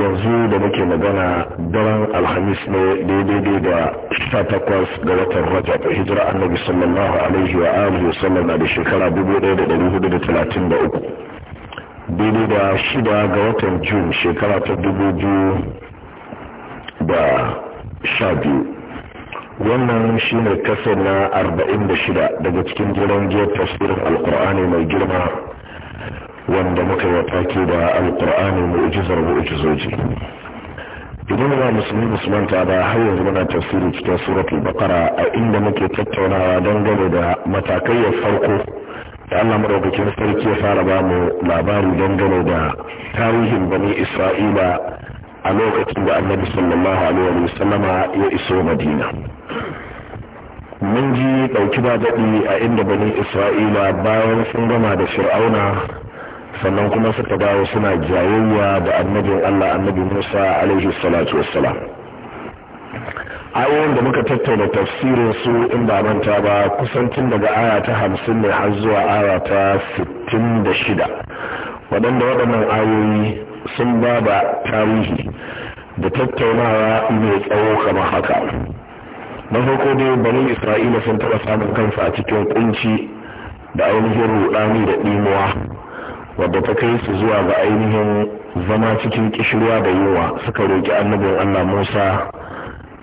yanzu da muke magana daren alhamis ne daidai da sha takwas ga watan rajab hijira annabi sallallahu alaihi wa alihi wa sallam na da shekara dubu ɗaya da hudu da talatin da uku daidai da shida ga watan jun shekara ta dubu biyu da sha biyu wannan shi ne kasar na arba'in da shida daga cikin jiran jiyar tasirin alkur'ani mai girma wanda muka yi take da alkur'ani mu'jizar mu'jizoji idan ba musulmi musulmanta ba har yanzu muna tafsiri cikin suratul baqara a inda muke tattaunawa dangane da matakai ya farko da Allah madaukakin sarki ya fara ba mu labari dangane da tarihin bani isra'ila a lokacin da annabi sallallahu alaihi wa sallama ya iso madina mun ji ɗauki ba daɗi a inda bani isra'ila bayan sun gama da fir'auna sannan kuma suka dawo suna jayayya da annabin Allah annabi Musa alaihi salatu wassalam ayoyin da muka tattauna tafsirin su in ba manta ba kusancin daga aya ta hamsin ne har zuwa aya ta sittin da shida waɗanda waɗannan ayoyi sun ba da tarihi da tattaunawa mai tsawo kamar haka na farko dai bani isra'ila sun taɓa samun kansa a cikin kunci da ainihin ruɗani da ɗimuwa wadda ta kai su zuwa ga ainihin zama cikin kishirwa da yunwa suka roƙi annabin Allah Musa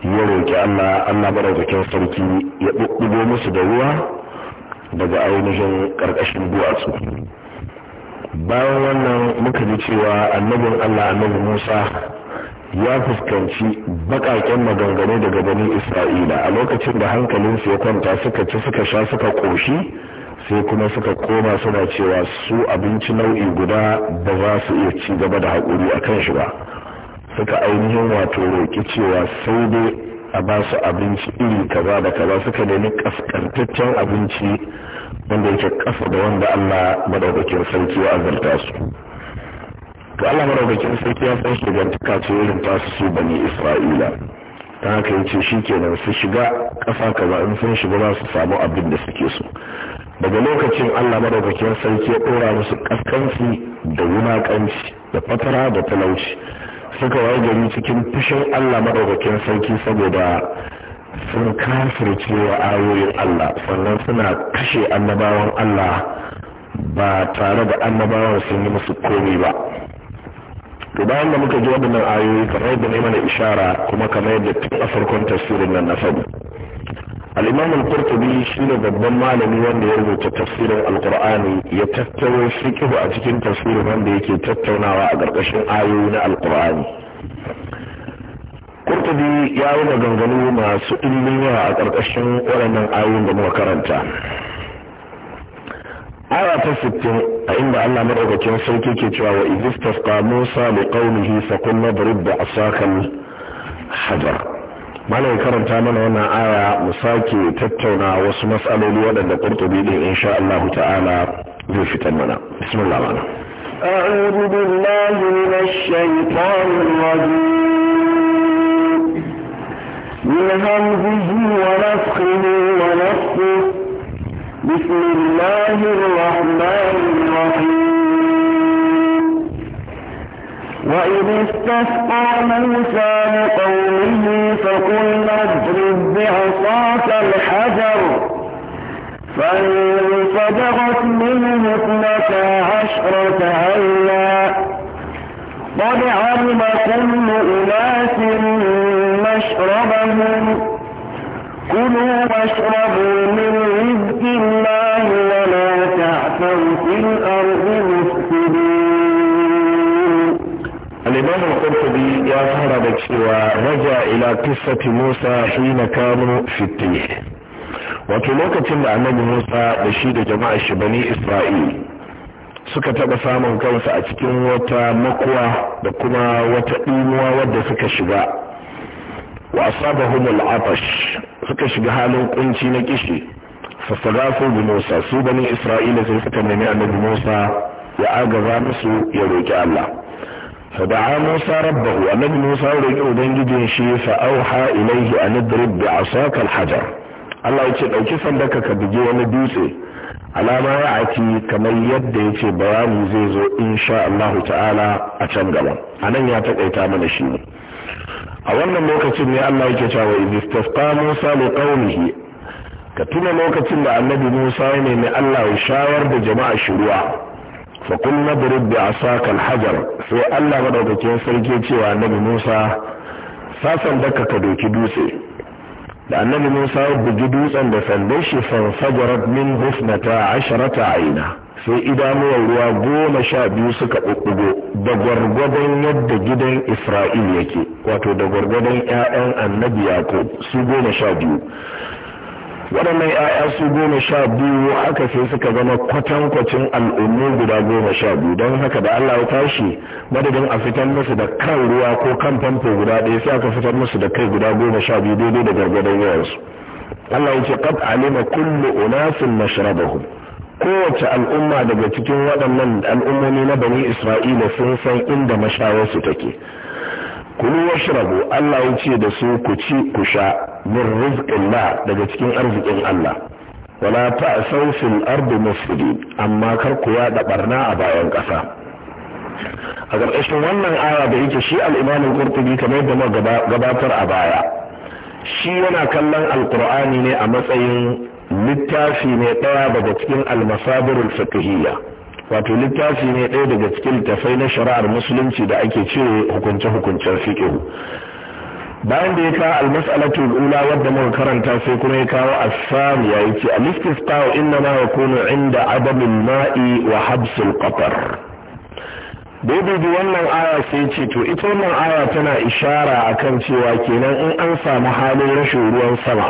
ya roƙi Allah Allah madaukakin sarki ya ɗuɗɗugo musu da ruwa daga ainihin ƙarƙashin duwatsu bayan wannan muka ji cewa annabin Allah annabi Musa ya fuskanci baƙaƙen maganganu daga bani Isra'ila a lokacin da hankalinsu ya kwanta suka ci suka sha suka ƙoshi sai kuma suka koma suna cewa su abinci nau'i guda ba za su iya ci gaba da haƙuri a kan shi ba suka ainihin wato roƙi cewa sai dai a ba su abinci iri kaza da kaza suka nemi kaskantaccen abinci wanda yake ƙasa da wanda Allah maɗaukakin sarki ya azarta su ga Allah madaukakin sarki ya san shugantaka ce irin tasu su bani Isra'ila ta haka yace shi kenan su shiga ƙasa kaza in sun shiga za su samu abin da suke so daga lokacin Allah madaukakin sarki ya dora musu kaskanci da yunakanci da fatara da talauci suka waye gari cikin fushin Allah madaukakin sarki saboda sun kafir cewa ayoyin Allah sannan suna kashe annabawan Allah ba tare da annabawan sun yi musu komi ba to bayan da muka ji waɗannan ayoyi kamar da na mana ishara kuma kamar yadda tun a farkon tasirin nan na sabu al-imam al-qurtubi shine babban malami wanda ya rubuta tafsirin al ya tattaro fiqh a cikin tafsirin wanda yake tattaunawa a ƙarƙashin ayoyi na al-qur'ani kurtubi ya yi maganganu masu ɗimbin a ƙarƙashin waɗannan ayoyin da muka karanta aya ta sittin a inda Allah madaukakin sarki ke cewa wa idistasqa Musa li qaumihi fa qulna drib bi asakal hajar malai karanta mana wannan aya mu sake tattauna wasu matsaloli wadanda Qurtubi din insha Allah ta'ala zai fitar mana bismillah mana أعوذ بالله من الشيطان الرجيم من همزه ونفخه ونفخه بسم الله الرحمن الرحيم وإذ استسقى موسى لقومه فقلنا اضرب بعصاك الحجر فانفجرت منه اثنتا عشرة عينا قد علم كل أناس مشربهم كلوا واشربوا من رزق الله ولا تعثوا في الأرض imam al ya fara da cewa raja ila qissati musa hina kanu fitti wato lokacin da annabi musa da shi da jama'a shi bani isra'il suka taɓa samun kansu a cikin wata makuwa da kuma wata ɗimuwa wadda suka shiga wa asabahum al-atash suka shiga halin kunci na kishi fasagafu bi musa su bani isra'ila sai suka nemi annabi musa ya agaza musu ya roki Allah فدعا موسى ربه النبي موسى ورجع ubangijin shi fa auha ilayhi a idrib a sakal hajar Allah yace ɗauki sandaka ka bige wani dutse alama ya aki kamar yadda yace bayani zai zo insha Allah ta'ala a can gaba anan ya takaita mana shi ne a wannan lokacin ne Allah yake cewa istisqa Musa li qaumihi ka tuna lokacin da annabi Musa ya nemi Allah ya shawar da jama'a shi ruwa fa qulna a sakal hajar. sai Allah madaukakin sarki cewa annabi Musa sasan daka ka doki dutse da annabi Musa ya bugi dutsen da sandan shi fanfajarat min hufnata asharata aina sai idanuwar ruwa goma sha biyu suka ɓuɓɓugo da gwargwadon yadda gidan Isra'il yake wato da gwargwadon 'ya'yan annabi Yakub su goma sha biyu waɗannan 'ya'ya su goma sha biyu haka sai suka zama kwatankwacin al'ummu guda goma sha biyu don haka da Allah ya tashi madadin a fitar musu da kan ruwa ko kan famfo guda ɗaya sai aka fitar musu da kai guda goma sha biyu daidai da gargadon yawansu Allah ya ce qad alima kullu unasin mashrabahum kowace al'umma daga cikin waɗannan al'ummomi na bani Isra'ila sun san inda mashayarsu take kulu washrabu Allah ya ce da su ku ci ku sha min rizqillah daga cikin arzikin Allah wala ta'sau fil ardi mufsidi amma kar ku yada barna a bayan ƙasa a ƙarƙashin wannan aya da yake shi al-Imam al-Qurtubi kamar da gabatar a baya shi yana kallon alqur'ani ne a matsayin littafi ne ɗaya daga cikin al-masabir fiqhiyya wato littafi ne ɗaya daga cikin littafai na shari'ar musulunci da ake cire hukunce-hukuncen fiƙihu bayan da ya kawo almas'alatu ula wadda muka karanta sai kuma ya kawo asam ya yi ce al inna ma yakunu inda adamin ma'i wa habsul qatar daidai wannan aya sai ce to ita wannan aya tana ishara akan cewa kenan in an samu halin rashin ruwan sama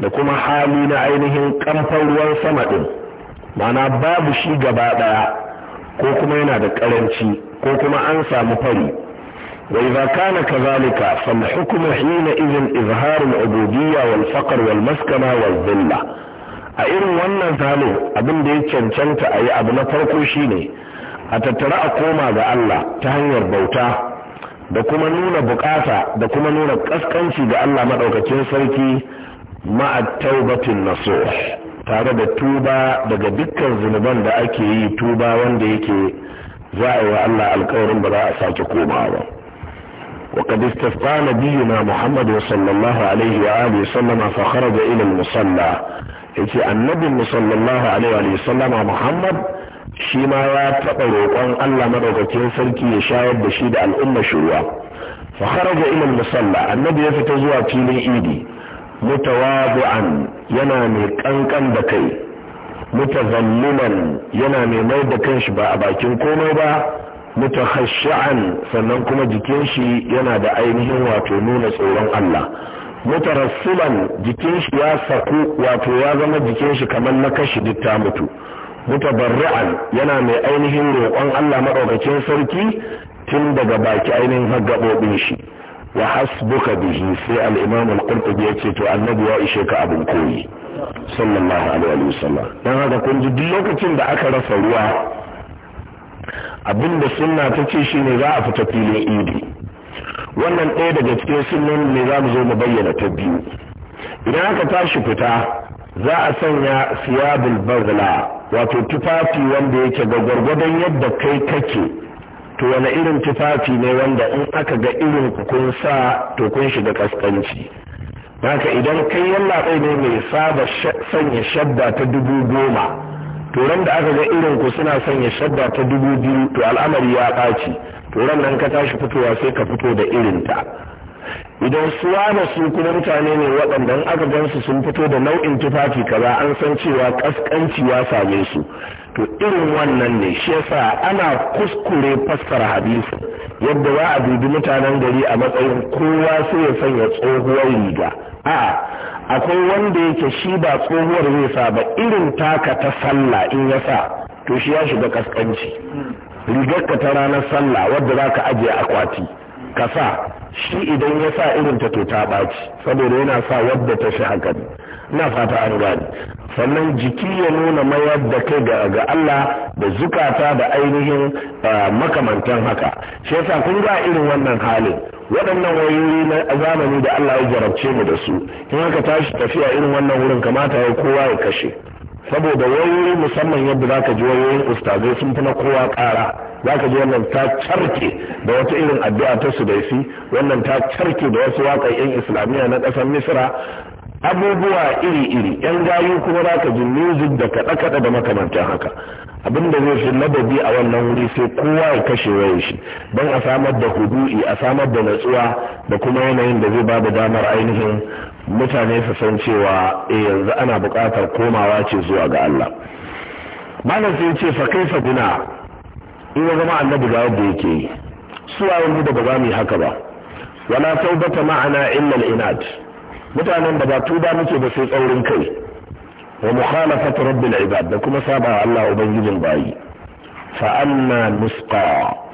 da kuma hali na ainihin kamfan ruwan sama din ma'ana babu shi gaba ɗaya ko kuma yana da ƙaranci ko kuma an samu fari wa idza kana kadhalika fal hukmu hina idhin izhar al ubudiyya wal faqr wal maskana wal dhilla a irin wannan zalo abin da ya cancanta a yi abu na farko shine a tattara a koma ga Allah ta hanyar bauta da kuma nuna bukata da kuma nuna kaskanci ga Allah madaukakin sarki ma'a taubatin nasuh tare da tuba daga dukkan zunuban da ake yi tuba wanda yake za a yi wa Allah alkawarin ba za a sake komawa ba وقد استفتى نبينا محمد صلى الله عليه وآله وسلم فخرج إلى المصلى يتي النبي صلى الله عليه وآله وسلم محمد شما يا تقروقان الله مدوكتين سلكي يشاهد بشيد الأمة شروع فخرج إلى المصلى النبي يفتزوى تيلي إيدي mutawadu'an yana mai kankan da kai mutazalliman yana mai mai da kanshi ba a bakin komai ba mutahashshi'an sannan kuma jikin shi yana da ainihin wato nuna tsoron Allah mutarassilan jikin shi ya saku wato ya zama jikin shi kamar na kashi duk ta mutu mutabarri'an yana mai ainihin roƙon Allah maɗaukakin sarki tun daga baki ainihin gaɓoɓin shi wa hasbuka bihi sai al-imam al-qurtubi yace to annabi ya ishe ka abin koyi sallallahu alaihi wasallam dan haka kun ji lokacin da aka rasa ruwa abinda sunna ta ce shine za a fita filin idi wannan ɗaya daga cikin sunnan ne za mu zo mu bayyana ta biyu idan aka tashi fita za a sanya siyabul bagla wato tufafi wanda yake ga gwargwadon yadda kai kake to wani irin tufafi ne wanda in aka ga irin ku kun sa to kun shiga kaskanci haka idan kai yallaɓai ne mai saba sanya shabba ta dubu goma to ran da aka ga irin ku suna sanya shabba ta dubu biyu to al'amari ya ɓaci to ran nan ka tashi fitowa sai ka fito da irin ta idan su wane su kuma mutane ne waɗanda aka gansu sun fito da nau'in tufafi kaza an san cewa kaskanci ya same su to irin wannan ne shi yasa ana kuskure fassara hadisi yadda za a dubi mutanen gari a matsayin kowa sai ya sanya tsohuwar riga a akwai wanda yake shi ba tsohuwar zai sa ba irin taka ta sallah in ya sa to shi ya shiga kaskanci Rigar ka ta ranar sallah wadda za ka ajiye akwati ka sa shi idan ya sa irin ta to ta ɓaci saboda yana sa wadda ta shi hakan na fata an gani sannan jiki ya nuna mayar da kai ga Allah da zukata da ainihin makamantan haka shi yasa kun ga irin wannan halin waɗannan wayoyi na zamani da Allah ya jarabce mu da su in haka tashi tafiya irin wannan wurin kamata ya kowa ya kashe saboda wayoyi musamman yadda zaka ji wayoyin ustazai sun fi na kowa ƙara zaka ji wannan ta carke da wata irin addu'a ta su da wannan ta carke da wasu waƙa yan islamiyya na ƙasar misira abubuwa iri-iri yan gayu kuma za ka ji music da kaɗe-kaɗe da makamantan haka abin da zai fi ladabi a wannan wuri sai kowa ya kashe wayar shi don a samar da hudu'i a samar da natsuwa da kuma yanayin da zai ba da damar ainihin mutane su san cewa e yanzu ana buƙatar komawa ce zuwa ga Allah malam sai ce fa fa bina in ya zama annabi ga wanda yake yi su waye mu da ba za mu yi haka ba wala taubata ma'ana illa al-inad mutanen da ba tuba muke ba sai tsaurin kai wa mukhalafat rabbil ibad da kuma saba Allah ubangijin bayi fa anna nusqa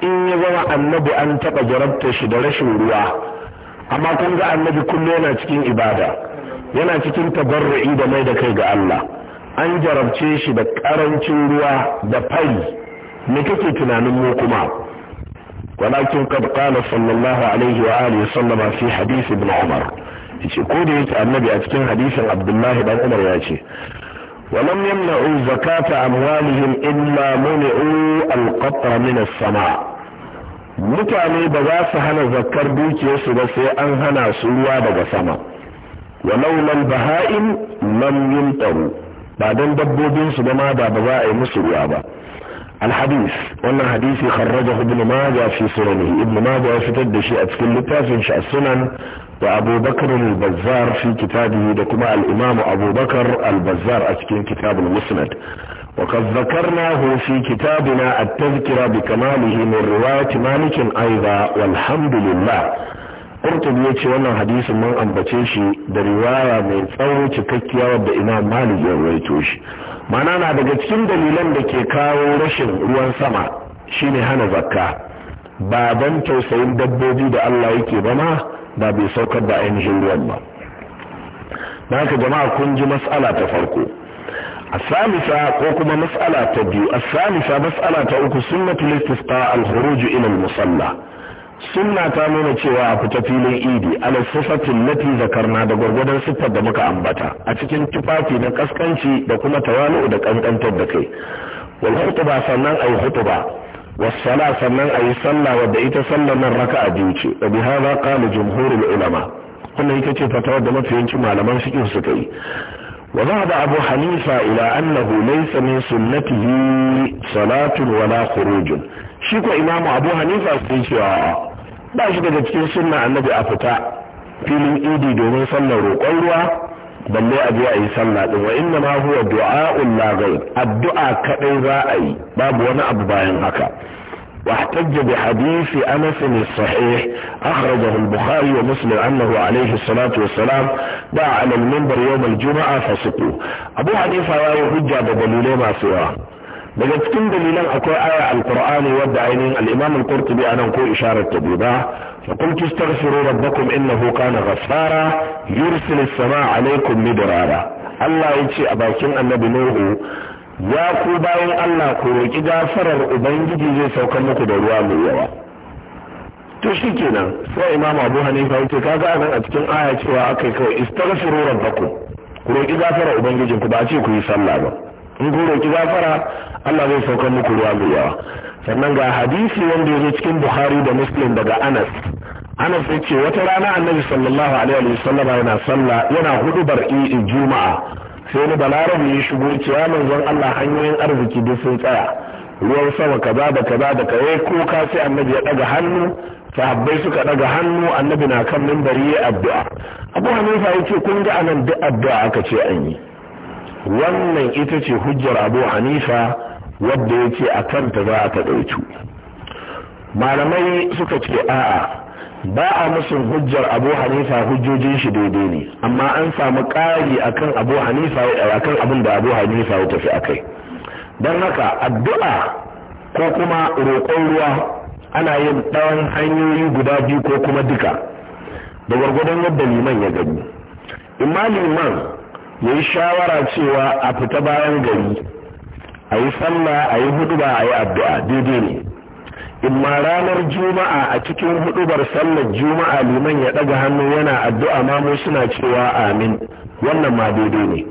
in ya zama annabi an taba jarabta shi da rashin ruwa amma kun ga annabi kullum yana cikin ibada yana cikin tabarru'i da mai da kai ga Allah an jarabce shi da karancin ruwa da fari me kake tunanin mu kuma walakin qad qala sallallahu alaihi wa alihi sallama fi hadith ibn umar yace ko da yake annabi a cikin hadisin abdullahi dan umar ya ce ولم يمنعوا زكاة أموالهم إلا منعوا القطر من السماء mutane ba za su hana zakar dukiyarsu ba sai an hana su ruwa daga sama walau lal baha'in lam yumtaru ba don dabbobin su ba ma ba za a yi musu ruwa ba alhadis wannan hadisi kharrajahu ibn majah fi sunanihi ibn majah ya fitar da shi a cikin littafin shi wa abubakar al-bazzar fi kitabihi da kuma al-imam abubakar al-bazzar a cikin kitab musnad wa qad zakarnahu fi kitabina at-tazkira bi kamalihi min riwayat malik aidan walhamdulillah Qurtubi ya ce wannan hadisin mun ambace shi da riwaya mai tsawo cikakkiya wadda Imam Malik ya rawaito shi. Mana na daga cikin dalilan da ke kawo rashin ruwan sama shine hana zakka. Baban tausayin dabbobi da Allah yake ba ma ba bai saukar da ainihin ruwan ba na ka jama'a kun ji matsala ta farko a samisa ko kuma mas'ala ta biyu a samisa matsala ta uku suna tulistis ta alhuruju ilil musalla suna ta nuna cewa a fita filin idi ala sifatin nafi zakarna da gwargwadon siffar da muka ambata a cikin tufafi na kaskanci da kuma tawali'u da kankantar da kai wal ba sannan a yi hutu ba wasala sannan a yi sallah wadda ita sallar nan raka a biyu ce da biha za kala jumhurul ulama wannan ita ce fatawa da mafiyanci malaman fiqh suka yi wa zahaba abu hanifa ila annahu laysa min sunnatihi salatun wala khurujun shi ko imamu abu hanifa sai cewa ba shi daga cikin sunna annabi a fita filin idi domin sallar roƙon ruwa balle a je a yi sallah din wa inna ma huwa du'a'un la ghayr addu'a kadai za a yi babu wani abu bayan haka واحتج بحديث انس الصحيح اخرجه البخاري ومسلم عنه عليه الصلاة والسلام دعا على المنبر يوم الجمعة فسقوا ابو حنيفه هواي حجة بدليل ما سواه بجد كن دليلا اكو آية على القرآن يود الامام القرطبي انا اكو اشارة تبيبا فقلت استغفروا ربكم انه كان غفارا يرسل السماء عليكم مدرارا الله يتشي اباكين النبي نوه ya ku bayan Allah ku roƙi gafarar ubangiji zai saukar muku da ruwa mai yawa to shi kenan sai imam abu hanifa yace kaga a cikin aya cewa akai kawai istaghfiru rabbakum ku roƙi gafarar ku ba ce ku yi sallah ba in ku roƙi gafara Allah zai saukar muku ruwa mai yawa sannan ga hadisi wanda ya zo cikin Bukhari da Muslim daga Anas Anas ya ce wata rana Annabi sallallahu alaihi wa yana sallah yana hudubar Juma'a sai ni balaran ya shigo cewa manzon Allah hanyoyin arziki duk sun tsaya ruwan sama kaza da kaza da kaza ko ka sai annabi ya daga hannu sahabbai suka daga hannu annabi na kan mimbari ya addu'a abu hanifa ya ce kun ga anan duk addu'a aka ce an yi wannan ita ce hujjar abu hanifa wadda ya ce a kanta za ta ɗauki malamai suka ce a'a ba a musu hujjar abu hanifa hujjojin shi daidai ne amma an samu ƙari akan abu hanifa akan abin da abu hanifa ya tafi akai don haka addu'a ko kuma roƙon ruwa ana yin tsawon hanyoyi guda biyu ko kuma duka da gwargwadon yadda liman ya gani imma liman ya yi shawara cewa a fita bayan gari a yi sallah a yi hudu ba a yi addu'a daidai ne in ranar juma'a a cikin hudubar sallar juma'a liman ya ɗaga hannu yana addu'a mamu suna cewa amin wannan ma daidai ne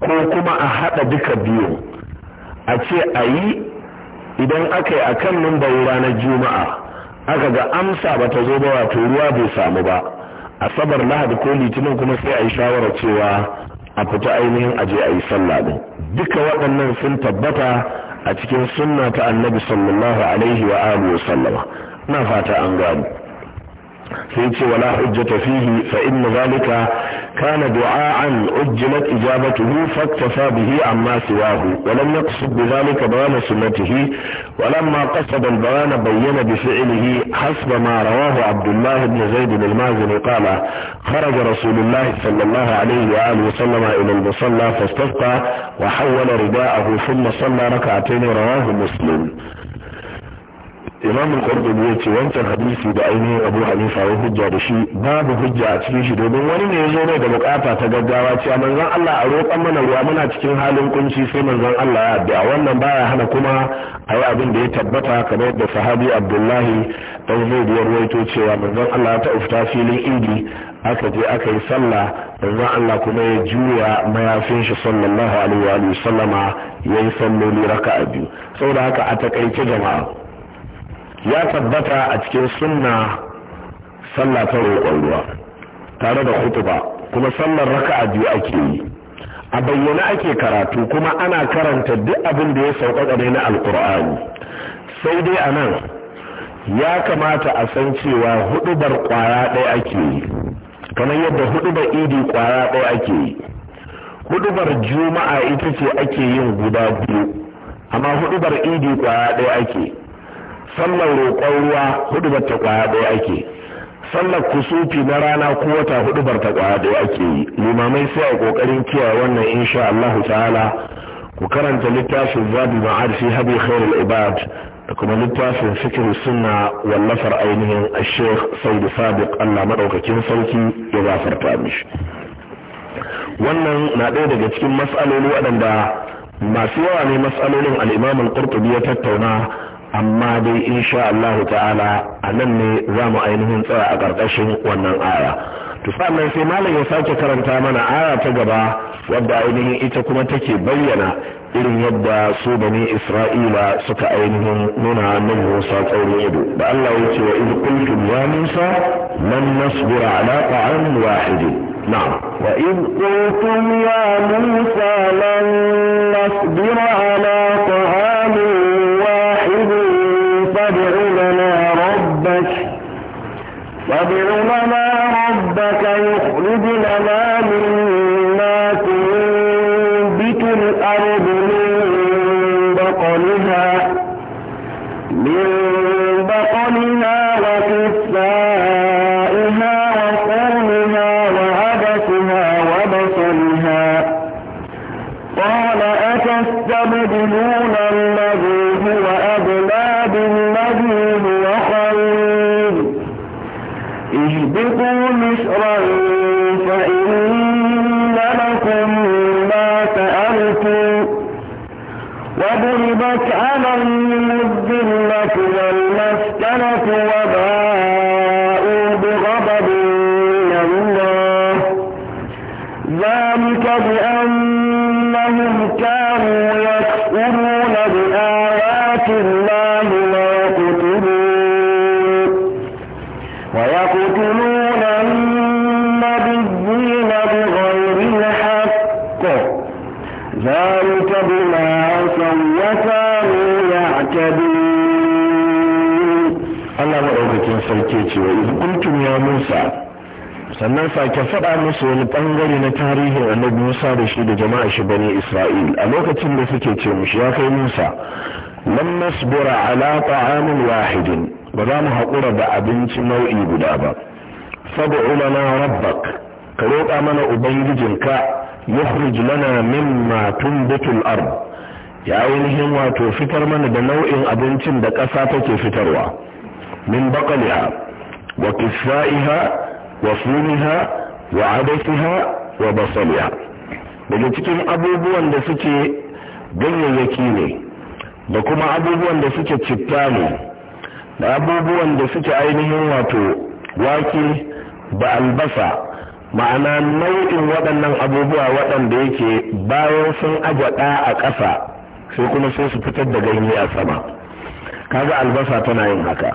ko kuma a haɗa duka biyu a ce a yi idan aka yi a kan numbar ranar juma'a aka ga amsa ba ta zo ba wato ruwa bai samu ba asabar lahadi ko litinin kuma sai a yi shawarar cewa a fita ainihin aje a yi sallah ɗin duka waɗannan sun tabbata a cikin sunna ta annabi sallallahu alaihi wa alihi na fata an gani فيتي ولا حجة فيه فإن ذلك كان دعاء أجلت إجابته فاكتفى به عما سواه ولم يقصد بذلك بيان سنته ولما قصد البيان بين بفعله حسب ما رواه عبد الله بن زيد بن المازن قال خرج رسول الله صلى الله عليه وآله وسلم إلى المصلى فاستفقى وحول رداءه ثم صلى ركعتين رواه مسلم imam al-qurtubi ya ce wancan hadisi da ainihin abu hanifa ya hujja da shi babu hujja a cikin shi domin wani ne ya zo bai da bukata ta gaggawa cewa manzon Allah a roƙon mana ruwa muna cikin halin kunci sai manzon Allah ya addu'a wannan baya hana kuma a abin da ya tabbata kamar da sahabi abdullahi dan zai ya ruwaito cewa manzon Allah ta ufta filin idi aka je aka yi sallah manzon Allah kuma ya juya mayafin shi sallallahu alaihi wa sallama yayi salloli raka'a biyu saboda haka a takaice jama'a ya tabbata a cikin sunna sallah ta roƙon ruwa tare da hutuba kuma sallar raka'a biyu ake yi a bayyana ake karatu kuma ana karanta duk abin da ya sauƙaƙa ne na alƙur'ani sai dai a nan ya kamata a san cewa hudubar ƙwaya ɗaya ake yi kamar yadda hudubar idi ƙwaya ɗaya ake yi hudubar juma'a ita ce ake yin guda biyu amma hudubar idi ƙwaya ɗaya ake sallar roƙon ruwa hudubar ta kwaya ɗaya ake sallar kusufi na rana ko wata hudubar ta kwaya ɗaya ake yi limamai sai a ƙoƙarin kiyaye wannan insha Allah ta'ala ku karanta littafin zabi ma'ad fi habi khairul ibad da kuma littafin fikir sunna wallafar ainihin ashekh saudi sadiq Allah madaukakin sarki ya gafarta mishi wannan na ɗaya daga cikin matsaloli waɗanda masu yawa ne matsalolin al'imamin qurtubi ya tattauna amma dai insha Allah ta'ala anan ne za mu ainihin tsaya a ƙarƙashin wannan aya to sannan sai malam ya sake karanta mana aya ta gaba wadda ainihin ita kuma take bayyana irin yadda su bani isra'ila suka ainihin nuna nan musa tsaurin ido da Allah ya ce wa idh qultum ya musa lan nasbura ala ta'amin wahid na'am wa idh qultum ya musa lan nasbura ala ta'amin ربنا ما sauke ce wa ya musa sannan sake faɗa musu wani ɓangare na tarihin annabi musa da shi da jama'a shi bani isra'il a lokacin da suke ce mushi ya kai musa lam nasbura ala ta'amin wahidin ba za mu haƙura da abinci nau'i guda ba fad'u lana rabbak ka roƙa mana ubangijinka yukhrij lana mimma tunbitul ard ya ainihin wato fitar mana da nau'in abincin da ƙasa take fitarwa من بقلها وكفائها وفومها وعدسها وبصلها daga cikin abubuwan da suke ganyayyaki ne da kuma abubuwan da suke citta ne da abubuwan da suke ainihin wato wake da albasa ma'ana nau'in waɗannan abubuwa waɗanda yake bayan sun agwaɗa a ƙasa sai kuma sai su fitar da ganye a sama kaga albasa tana yin haka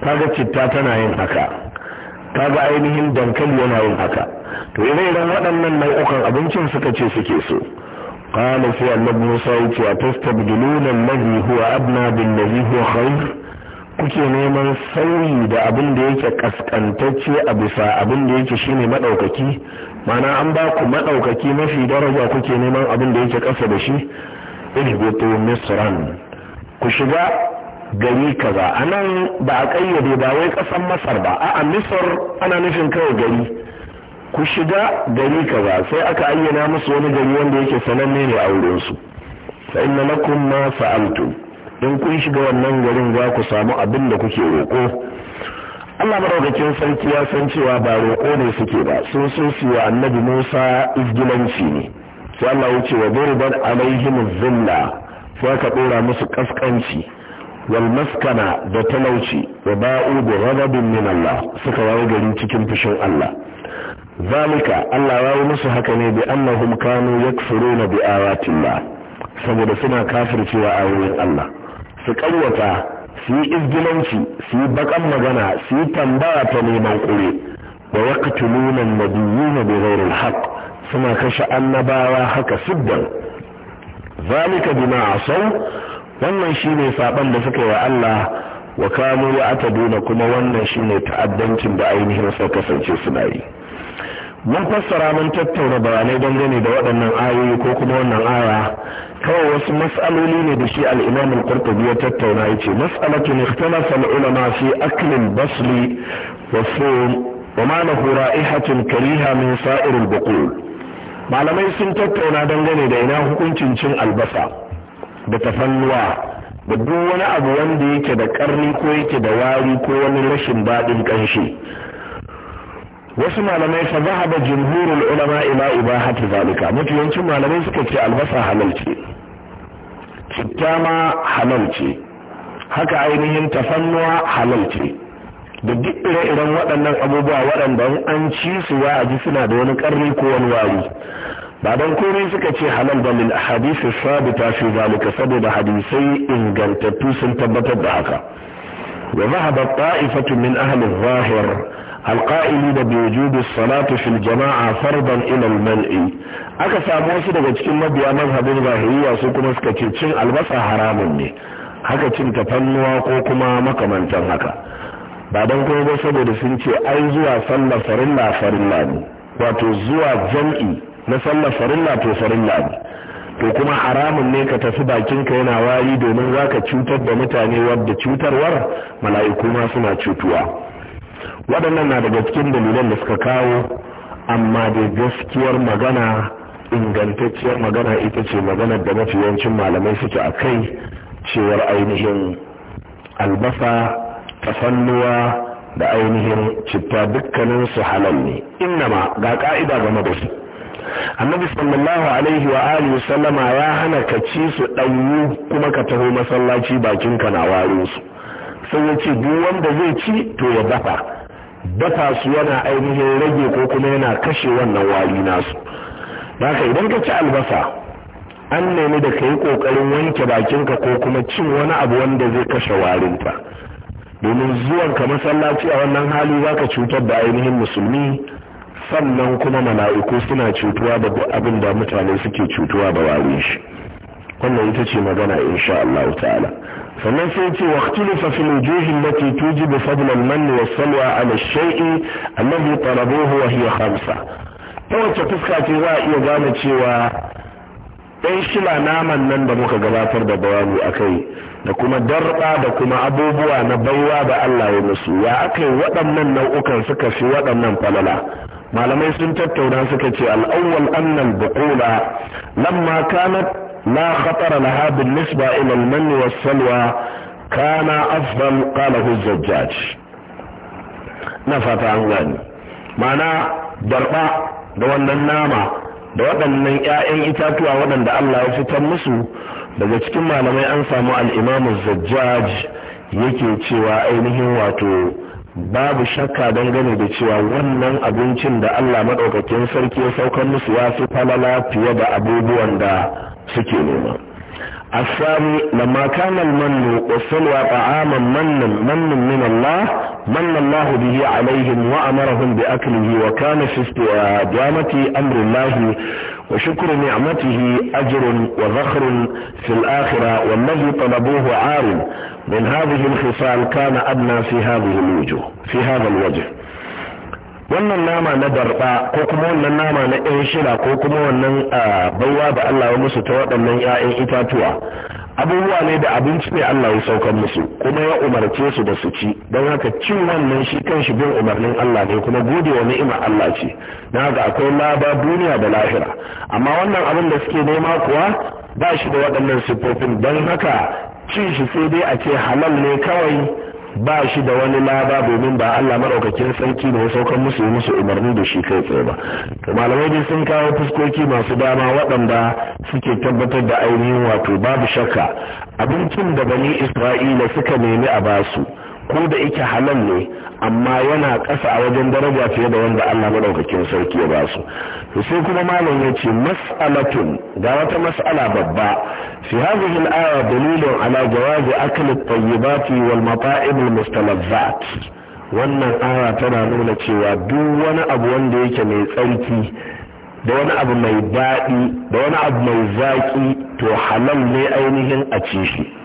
kaga citta tana yin haka kaga ainihin dankali yana yin haka to ire-iren waɗannan nau'ukan abincin suka ce suke so قال في أن موسى أتستبدلون huwa abna أبنى بالذي huwa khair kuke neman sauyi da abin da yake kaskantacce a bisa abin da yake shine madaukaki mana an ba ku madaukaki mafi daraja kuke neman abin da yake kasa da shi ihbitu misran ku shiga gari kaza a nan ba a ƙayyade ba wai ƙasar masar ba a a misar ana nufin kawai gari ku shiga gari kaza sai aka ayyana musu wani gari wanda yake sananne ne a wurinsu sai inna lakum ma sa'altu in kun shiga wannan garin za ku samu abin da kuke roƙo Allah maraukakin sarki ya san cewa ba roƙo ne suke ba sun sun su annabi Musa izgilanci ne sai Allah ya ce wa duriban alaihim zilla sai ka dora musu kaskanci walmaskana da talauci wa ba'u da ghadabin min Allah suka waye gari cikin fushin Allah zalika Allah ya yi musu haka ne bi annahum kanu yakfuruna bi ayatillah saboda suna kafircewa ayoyin Allah su kawwata su yi izgilanci su yi bakan magana su yi tambaya ta neman kure wa yaqtuluna an-nabiyyina bighayri al suna kashe annabawa haka siddan zalika bima asaw wannan ne saɓan da suka yi wa Allah wa kamo ya duna kuma wannan shi ne ta'addancin da ainihin suka kasance suna yi mun fassara mun tattauna bayanai dangane da waɗannan ayoyi ko kuma wannan aya kawai wasu mas'aloli ne da shi al-Imam al-Qurtubi ya tattauna yace mas'alatu ikhtalafa al-ulama fi akli al-basli wa sum wa ma lahu ra'ihatun kariha min sa'ir al-buqul malamai sun tattauna dangane da ina hukuncin cin albasa da tafannuwa da duk wani abu wanda yake da karni ko yake da wari ko wani rashin daɗin ƙanshi wasu malamai fa zahaba jumhurul ulama ila ibahati zalika yancin malamai suka ce albasa halal ce citta ma halal ce haka ainihin tafannuwa halal ce da duk ire-iren waɗannan abubuwa waɗanda an ci su ya a ji suna da wani ƙarni ko wani wari ba don komai suka ce halal ba lil ahadisi sabita fi zalika saboda hadisai ingantattu sun tabbatar da haka wa zahaba ta'ifatu min ahli zahir القائلين بوجوب الصلاة في الجماعة فرضا إلى المنع aka samu wasu daga cikin mabiya mazhabin zahiriya su kuma suka ce cin albasa haramun ne haka cin tafannuwa ko kuma makamantan haka ba don kuma saboda sun ce ai zuwa sallah farilla farilla ne wato zuwa jam'i na sallar farilla to farilla ne to kuma haramun ne ka tafi bakinka yana wari domin za ka cutar da mutane wadda cutarwar mala'iku ma suna cutuwa waɗannan na daga cikin dalilan da suka kawo amma da gaskiyar magana ingantacciyar magana ita ce magana da mafi yawancin malamai suke a kai cewar ainihin albasa tafannuwa da ainihin citta dukkaninsu halal ne innama ga ka'ida game da su annabi sallallahu alaihi wa alihi sallama ya hana ka ci su ɗanyu kuma ka taho masallaci bakin ka na waro su sai ya ce duk wanda zai ci to ya dafa dafa su yana ainihin rage ko kuma yana kashe wannan wari nasu haka idan ka ci albasa an nemi da ka yi ƙoƙarin wanke bakinka ko kuma cin wani abu wanda zai kashe warinta domin zuwan ka masallaci a wannan hali za ka cutar da ainihin musulmi sannan kuma mala'iku suna cutuwa da abin da mutane suke cutuwa da warin shi wannan ita ce magana insha Allah ta'ala sannan sai ce waqtilafa fil wujuhi allati tujibu da fadlan man wa salwa a ash-shay'i alladhi talabuhu wa hiya khamsa ta wacce fuska ce za a iya gane cewa ɗan shila naman nan da muka gabatar da bayani a kai da kuma darba da kuma abubuwa na baiwa da Allah ya musu ya aka yi waɗannan nau'ukan suka fi waɗannan falala malamai sun tattauna suka ce al'awwal annal buqula lamma kanat la khatara laha bin nisba ila al-manni kana afdal qala hujjaj na fata an gani mana darba da wannan nama da waɗannan 'ya'yan itatuwa waɗanda Allah ya fitar musu daga cikin malamai an samu al'imamu zajjaj yake cewa ainihin wato babu shakka dangane da cewa wannan abincin da Allah maɗaukakin sarki ya saukar musu ya fi falala fiye da abubuwan da suke nema. الثاني لما كان المن والسلوى طعاما من من من الله من الله به عليهم وأمرهم بأكله وكان في استدامة أمر الله وشكر نعمته أجر وذخر في الآخرة والذي طلبوه عار من هذه الخصال كان أدنى في هذه الوجوه في هذا الوجه wannan nama na darba ko kuma wannan nama na yan shira ko kuma wannan baiwa da Allah ya musu ta waɗannan 'ya'yan itatuwa abubuwa ne da abinci ne Allah ya saukar musu kuma ya umarce su da su ci don haka cin wannan shi kan shi bin umarnin Allah ne kuma gode wa ni'ima Allah ce na ga akwai laba duniya da lahira amma wannan abin da suke nema kuwa ba shi da waɗannan siffofin don haka cin shi sai dai a ce halal ne kawai ba shi da wani laba domin ba Allah maɗaukakin sarki ne ya saukar musu yi musu umarni da shi kai tsaye ba to malamai dai sun kawo fuskoki masu dama waɗanda suke tabbatar da ainihin wato babu shakka abincin da bani Isra'ila suka nemi a basu ko da yake halal ne amma yana ƙasa a wajen daraja fiye da wanda Allah madaukakin sarki ya ba su to sai kuma malam ya ce mas'alatun ga wata mas'ala babba fi hadhihi al-aya dalilun ala jawaz akl at-tayyibat wal mata'im al-mustalazzat wannan aya tana nuna cewa duk wani abu wanda yake mai tsarki da wani abu mai daɗi da wani abu mai zaƙi to halal ne ainihin a ci shi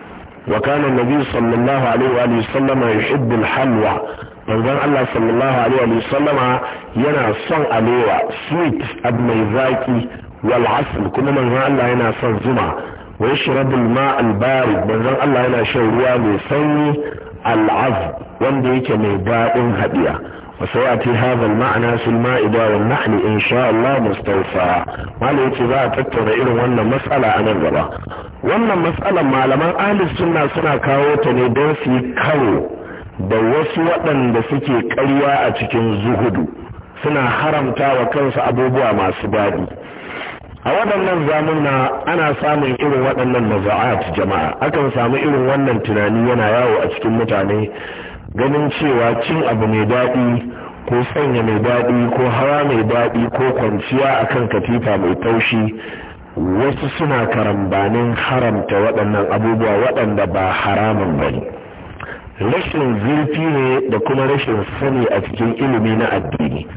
وكان النبي صلى الله عليه وآله وسلم يحب الحلوى فإذن الله صلى الله عليه وآله وسلم ينا صن أليوى سويت أبن إذاكي والعسل كما من ذن الله ينا صن زمع ويشرب الماء البارد فإذن الله ينا شوريا لسني العظم وانديك ميدائن هديا وسيأتي هذا المعنى في المائدة والنحل إن شاء الله مستوفى ما ليتي ذا تتبع إلى وانا مسألة عن الغبا وانا مسألة ما لما أهل السنة سنة كاوتني دنسي كاو da wasu waɗanda suke ƙarya a cikin zuhudu suna haramta wa kansu مع سبادي daɗi a waɗannan zamuna ana samun irin waɗannan maza'at jama'a akan samu irin wannan tunani yana yawo a cikin mutane ganin cewa cin abu mai daɗi ko sanya mai daɗi ko hawa mai daɗi ko kwanciya a kan katifa mai taushi wasu suna karambanin haramta waɗannan abubuwa waɗanda ba haramun ba ne rashin zurfi ne da kuma rashin sani a cikin ilimi na addini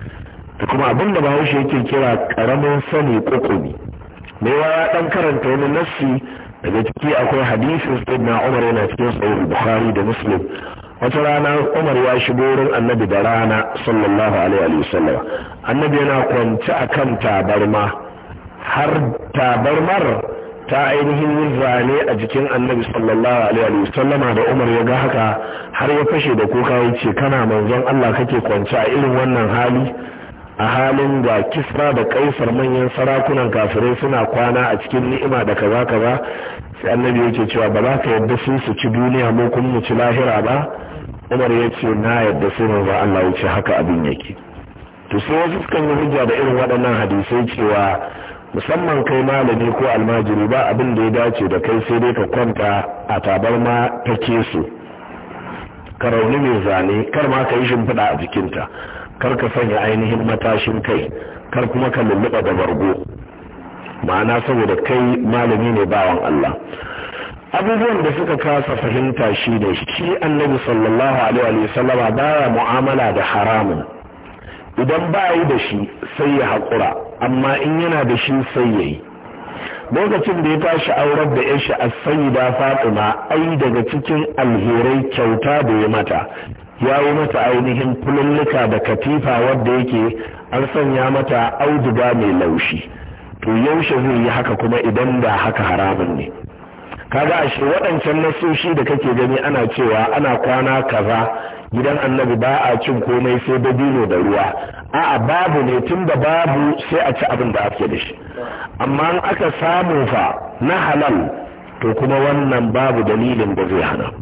da kuma abin da bahaushe yake kira karamin sani Me mai ya dan karanta wani nassi daga ciki akwai hadisin sayyidina umar yana cikin sahih Buhari da muslim wata rana umar ya shigo wurin annabi da rana sallallahu alaihi wasallam annabi yana kwance akan tabarma har tabarmar ta ainihin zane a jikin annabi sallallahu alaihi wasallama da umar ya ga haka har ya fashe da kuka ya ce kana manzon Allah kake kwance a irin wannan hali a halin da kisra da kaisar manyan sarakunan kafirai suna kwana a cikin ni'ima da kaza kaza sai annabi yake cewa ba za ka yarda sun su ci duniya mu kun mu ci lahira ba umar ya ce na yadda sai manzo Allah ya ce haka abin yake to sai wasu sukan yi hujja da irin waɗannan hadisai cewa musamman kai malami ko almajiri ba abin da ya dace da kai sai dai ka kwanta a tabarma ta so. ka rauni mai zane kar ma ka yi shimfiɗa a jikinta kar ka sanya ainihin matashin kai kar kuma ka lulluɓa da bargo ma'ana saboda kai malami ne bawan Allah abubuwan da suka kasa fahimta shi da shi annabi sallallahu alaihi wa sallama baya mu'amala da haramun idan ba yi da shi sai ya haƙura amma in yana da shi sai ya yi lokacin da ya tashi aurar da yashi a sayida fatima ai daga cikin alherai kyauta da ya mata ya yi mata ainihin fululluka da katifa wadda yake an sanya mata auduga mai laushi to yaushe zai yi haka kuma idan da haka haramun ne Ka ga ashe waɗancan nasoshi da kake gani ana cewa ana kwana kaza gidan annabi ba a cin komai sai dabino da ruwa a'a babu ne tun da babu sai a ci abin da ake da shi amma in aka samu fa na halal to kuma wannan babu dalilin da zai hana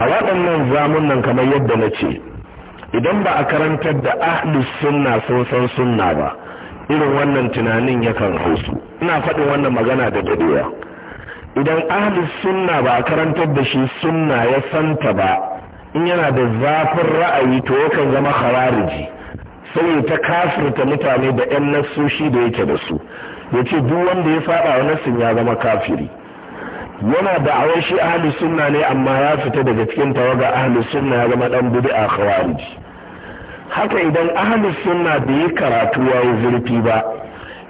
a waɗannan zamunan kamar yadda na ce idan ba a karantar da ahlus sunna sun san sunna ba irin wannan tunanin yakan hausu ina faɗin wannan magana da dadewa idan ahli sunna ba a karantar da shi sunna ya santa ba in yana da zafin ra'ayi to yakan zama khawariji sai ta kafirta mutane da yan nasoshi da yake da su ya ce duk wanda ya faɗa wa nasin ya zama kafiri yana da awai shi ahli sunna ne amma ya fita daga cikin tawaga ahli sunna ya zama dan bid'a khawariji haka idan ahli sunna da yi karatu ya yi zurfi ba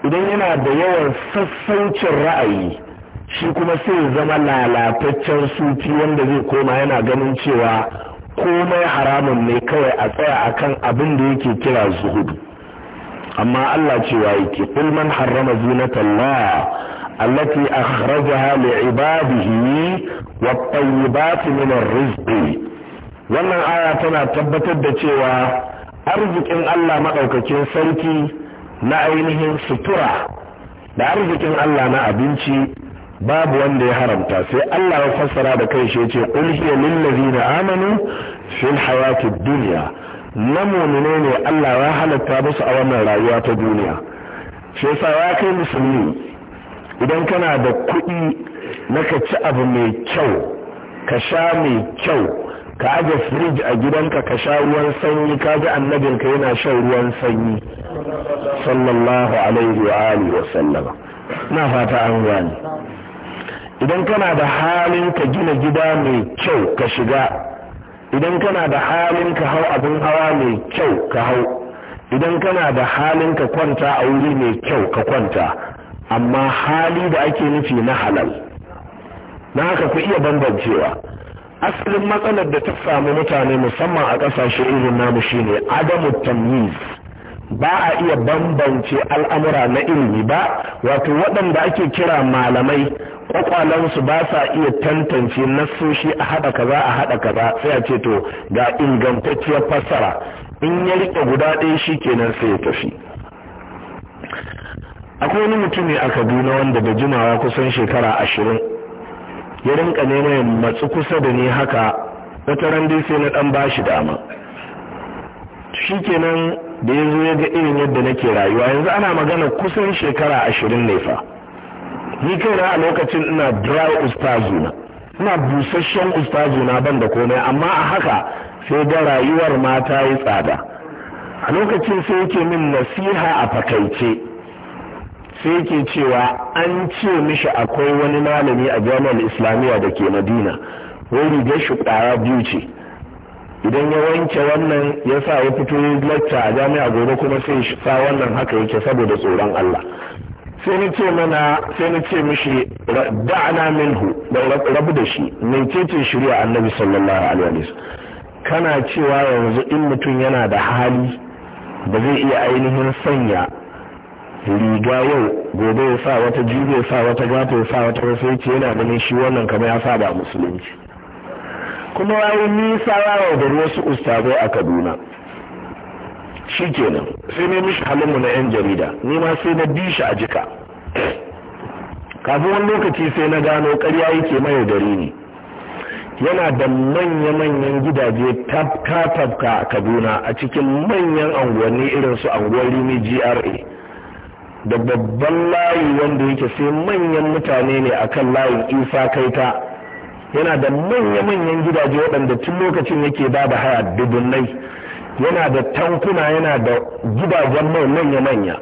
idan yana da yawan sassaucin ra'ayi shi kuma sai zama lalataccen sufi wanda zai koma yana ganin cewa komai haramun ne kawai a tsaya a kan abin da yake kira zuhudu amma Allah cewa yake qul man harrama zinatallah allati akhrajaha li'ibadihi wat-tayyibat min ar Rizqi. wannan aya tana tabbatar da cewa arzikin Allah madaukakin sarki na ainihin sutura da arzikin Allah na abinci babu wanda ya haramta sai Allah ya fassara da kai shi yace qul hiya lil ladina amanu fil hayati dunya na mu'mine ne Allah ya halatta musu a wannan rayuwa ta duniya shi yasa ya kai musulmi idan kana da kuɗi na ka ci abu mai kyau ka sha mai kyau ka aje firij a gidanka ka sha ruwan sanyi ka annabin annabinka yana shan ruwan sanyi sallallahu alaihi wa alihi wa sallama na fata an gane idan kana da halin ka gina gida mai kyau ka shiga idan kana da halin ka hau abin hawa mai kyau ka hau idan kana da halin ka kwanta a wuri mai kyau ka kwanta amma hali da ake nufi na halal na haka ku iya bambancewa asalin matsalar da ta samu mutane musamman a ƙasashe irin namu shine adamu tamyiz ba a iya bambance al'amura na ilimi ba wato waɗanda ake kira malamai ƙwaƙwalansu ba sa iya tantance nassoshi a haɗa kaza a haɗa kaza sai a ce to ga ingantacciyar fassara in ya riƙe guda ɗaya shi kenan sai ya tafi akwai wani mutumi a kaduna wanda da jimawa kusan shekara ashirin ya rinka neman matsu kusa da ni haka wata ran dai sai na ɗan bashi dama shi kenan da ya zo ya ga irin yadda nake rayuwa yanzu ana magana kusan shekara ashirin ne fa ni kaina a lokacin ina dry ustazuna ina busasshen ustazuna ban da komai amma a haka sai ga rayuwar mata yi tsada a lokacin sai yake min nasiha a fakaice sai yake cewa an ce mishi akwai wani malami a jami'ar islamiyya da ke madina wai rigar shi biyu ce idan ya wanke wannan ya sa ya fito lacca a jami'a gobe kuma sai sa wannan haka yake saboda tsoron Allah sai ni ce mana sai ni ce mishi da'ana minhu da rabu da shi mai cece shirya annabi sallallahu alaihi sallam. kana cewa yanzu in mutum yana da hali ba zai iya ainihin sanya riga yau gobe ya sa wata jibe ya sa wata gata ya sa wata wasu ce yana ganin shi wannan kamar ya sa da musulunci kuma wayi nisa yawo da wasu ustazai a Kaduna shi kenan sai ne mishi halinmu na 'yan jarida nima sai na bi shi a jika kafin wani lokaci sai na gano karya yake mai gari ne yana da manya-manyan gidaje tafka-tafka a kaduna a cikin manyan anguwanni irin su anguwar gra da babban layi wanda yake sai manyan mutane ne akan layin isa kaita yana da manya-manyan gidaje waɗanda tun lokacin yake ba da haya dubunnai yana da tankuna yana da gidajen mai manya-manya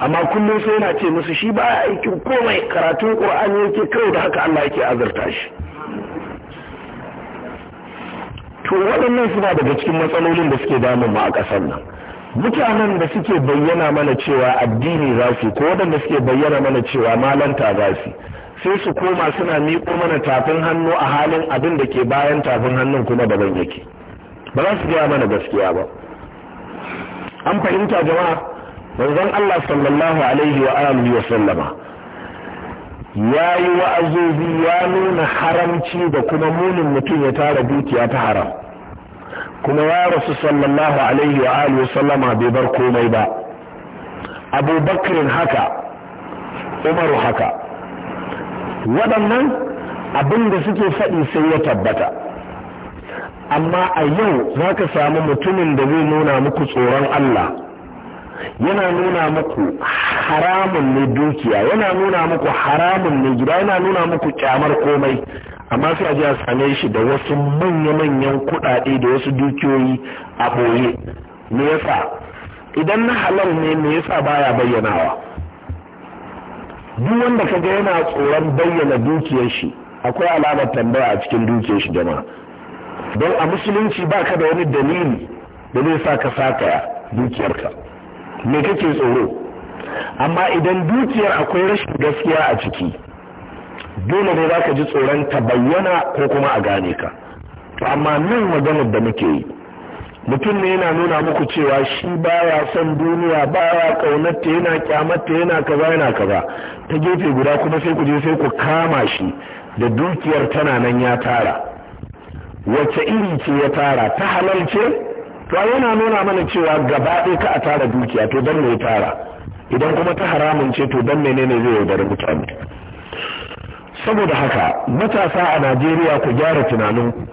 amma kullum sai yana ce musu shi ba aikin komai karatun ƙur'ani yake kawai da haka Allah yake azurta shi to waɗannan suna daga cikin matsalolin da suke damun mu a ƙasar nan mutanen da suke bayyana mana cewa addini za su ko waɗanda suke bayyana mana cewa malanta za su sai su koma suna miƙo mana tafin hannu a halin abin da ke bayan tafin hannun kuma daban yake ba za su gaya mana gaskiya ba an fahimta jama'a manzon Allah sallallahu alaihi wa alihi wa sallama ya yi wa'azozi ya nuna haramci da kuma munin mutum ya tara dukiya ta haram kuma ya rasu sallallahu alaihi wa alihi wa sallama bai bar komai ba Abubakar haka umaru haka waɗannan abin da suke faɗi sai ya tabbata amma a yau za ka samu mutumin da zai nuna muku tsoron Allah yana nuna muku haramun ne dukiya yana nuna muku haramun ne gida yana nuna muku kyamar komai amma sai a ji a same shi da wasu manya-manyan kuɗaɗe da wasu dukiyoyi a ɓoye me yasa idan na halal ne me yasa baya bayyanawa duk wanda ka ga yana tsoron bayyana dukiyar shi akwai alamar tambaya a cikin dukiyar shi jama'a don a musulunci ba ka da wani dalili da zai sa ka sakaya dukiyarka me kake tsoro amma idan dukiyar akwai rashin gaskiya a ciki dole ne za ka ji tsoron ta bayyana ko kuma a gane ka to amma nan maganar da muke yi mutum ne yana nuna muku cewa shi baya son duniya baya kaunarta yana kyamarta yana kaza yana kaza ta gefe guda kuma sai ku je sai ku kama shi da dukiyar tana nan ya tara wace iri ce ya tara ta halal ce to yana nuna mana cewa gaba ɗaya ka a tara dukiya to don me tara idan kuma ta haramun ce to dan menene zai yaudari mutane saboda haka matasa a najeriya ku gyara tunaninku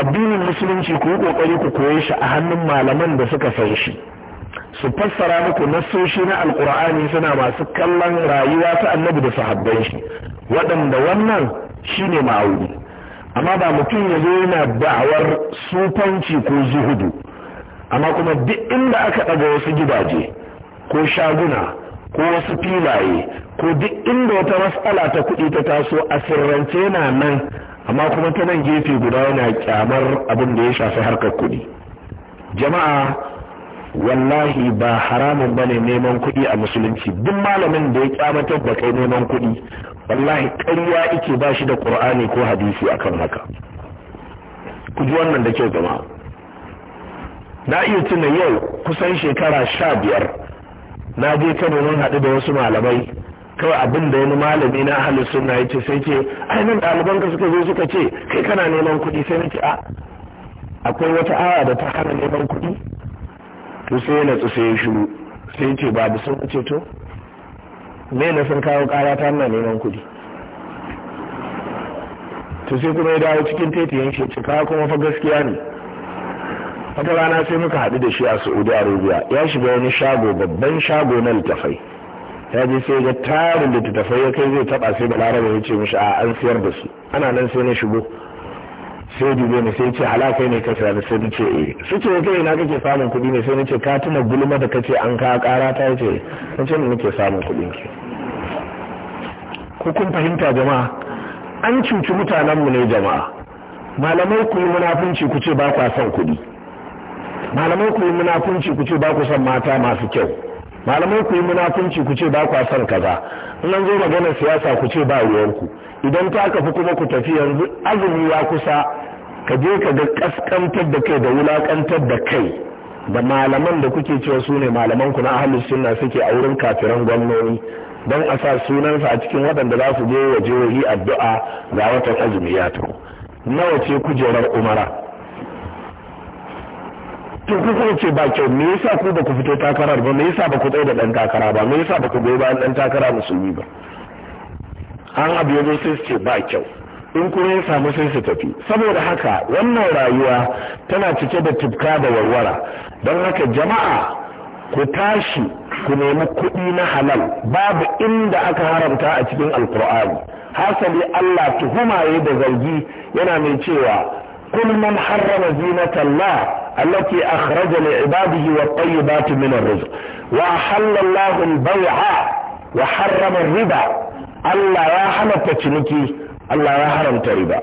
addinin musulunci ku yi kokari ku koye shi a hannun malaman da suka san shi su fassara muku nasoshi na alkur'ani suna masu kallon rayuwa ta annabi da sahabban shi waɗanda wannan shine ma'auni amma ba mutum ya zo yana da'awar sufanci ko zuhudu amma kuma duk inda aka ɗaga wasu gidaje ko shaguna ko wasu filaye ko duk inda wata matsala ta kuɗi ta taso a sirrance yana nan amma kuma ta nan gefe guda yana kyamar abin da ya shafi harkar kuɗi jama'a wallahi ba haramun ba ne neman kuɗi a musulunci duk malamin da ya kyamatar da kai neman kuɗi wallahi ƙarya ike ba shi da ƙur'ani ko hadisi akan haka ku ji wannan da kyau jama'a na iya tuna yau kusan shekara sha biyar na je kano mun haɗu da wasu malamai kawai abin da wani malami na ahli na ya ce sai ce ai nan ɗaliban ka suka zo suka ce kai kana neman kuɗi sai nake a akwai wata aya da ta hana neman kuɗi to sai na tsu sai shiru sai ce da sun ce to me na sun kawo ƙara ta hana neman kuɗi to sai kuma ya dawo cikin yanke ce kawo kuma fa gaskiya ne wata rana sai muka haɗu da shi a saudi arabia ya shiga wani shago babban shago na littafai ya je sai ga tarin da tattafai ya kai zai taba sai balarabe ya ce mishi a an siyar da su ana nan sai na shigo sai dube ne sai ce halakai ne kasa da sai ce eh su ce kai na kake samun kuɗi ne sai na ka tuna gulma da kace an ka kara ta yace ce ne nake samun kuɗin ki ku kun fahimta jama'a an cuci mutanen mu ne jama'a malamai ku yi munafunci ku ce ba ku son kuɗi malamai ku yi munafunci ku ce ba ku son mata masu kyau malamai ku yi munafunci ku ce ba kwa san kaza in an zo maganar siyasa ku ce ba ruwanku idan ta kafi kuma ku tafi yanzu azumi ya kusa ka je ka ga kaskantar da kai da wulakantar da kai da malaman da kuke cewa su ne malaman ku na ahlus sunna suke a wurin kafiran gwamnoni don a sa sunansa a cikin waɗanda za su je wa jihohi addu'a ga watan azumi ya nawa ce kujerar umara to ku kuka ce ba kyau me yasa ku ba ku fito takarar ba me yasa ba ku tsaye da dan takara ba me yasa ba ku goyi bayan dan takara musulmi ba an abu yazo sai su ce ba kyau in kuma ya samu sai su tafi saboda haka wannan rayuwa tana cike da tufka da warwara don haka jama'a ku tashi ku nemi kuɗi na halal babu inda aka haramta a cikin alkur'ani hasali allah tuhuma ya da zargi yana mai cewa قل من حرم زينة الله التي أخرج لعباده والطيبات من الرزق وأحل الله البيع وحرم الربا الله يا حلت تشنكي الله يا حرم تربا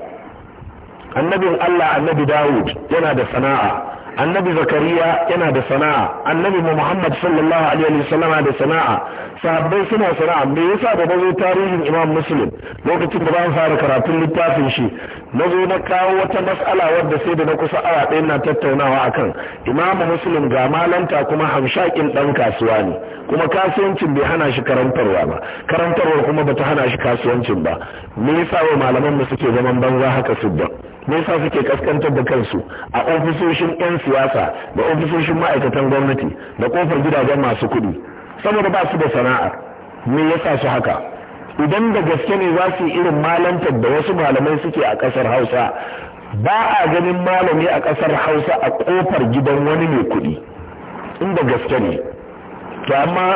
النبي الله النبي داود ينادى صناعة النبي زكريا yana صناعة النبي محمد صلى الله عليه وسلم da صناعة sahabbai suna sana'a me yasa ba zo tarihin imam muslim lokacin da ban fara karatun littafin shi na zo na kawo wata mas'ala wadda sai da na kusa awa ɗaya na tattaunawa akan imam muslim ga malanta kuma hamshakin ɗan kasuwa ne kuma kasuwancin bai hana shi karantarwa ba karantarwar kuma bata hana shi kasuwancin ba me yasa wa malaman mu suke zaman banza haka suddan me yasa suke kaskantar da kansu a ofisoshin 'yan siyasa da ofisoshin ma'aikatan gwamnati da kofar gidajen masu kuɗi saboda ba su da sana'a me yasa su haka idan da gaske ne za su yi irin malantar da wasu malamai suke a ƙasar hausa ba a ganin malami a ƙasar hausa a ƙofar gidan wani mai kuɗi inda gaske ne to amma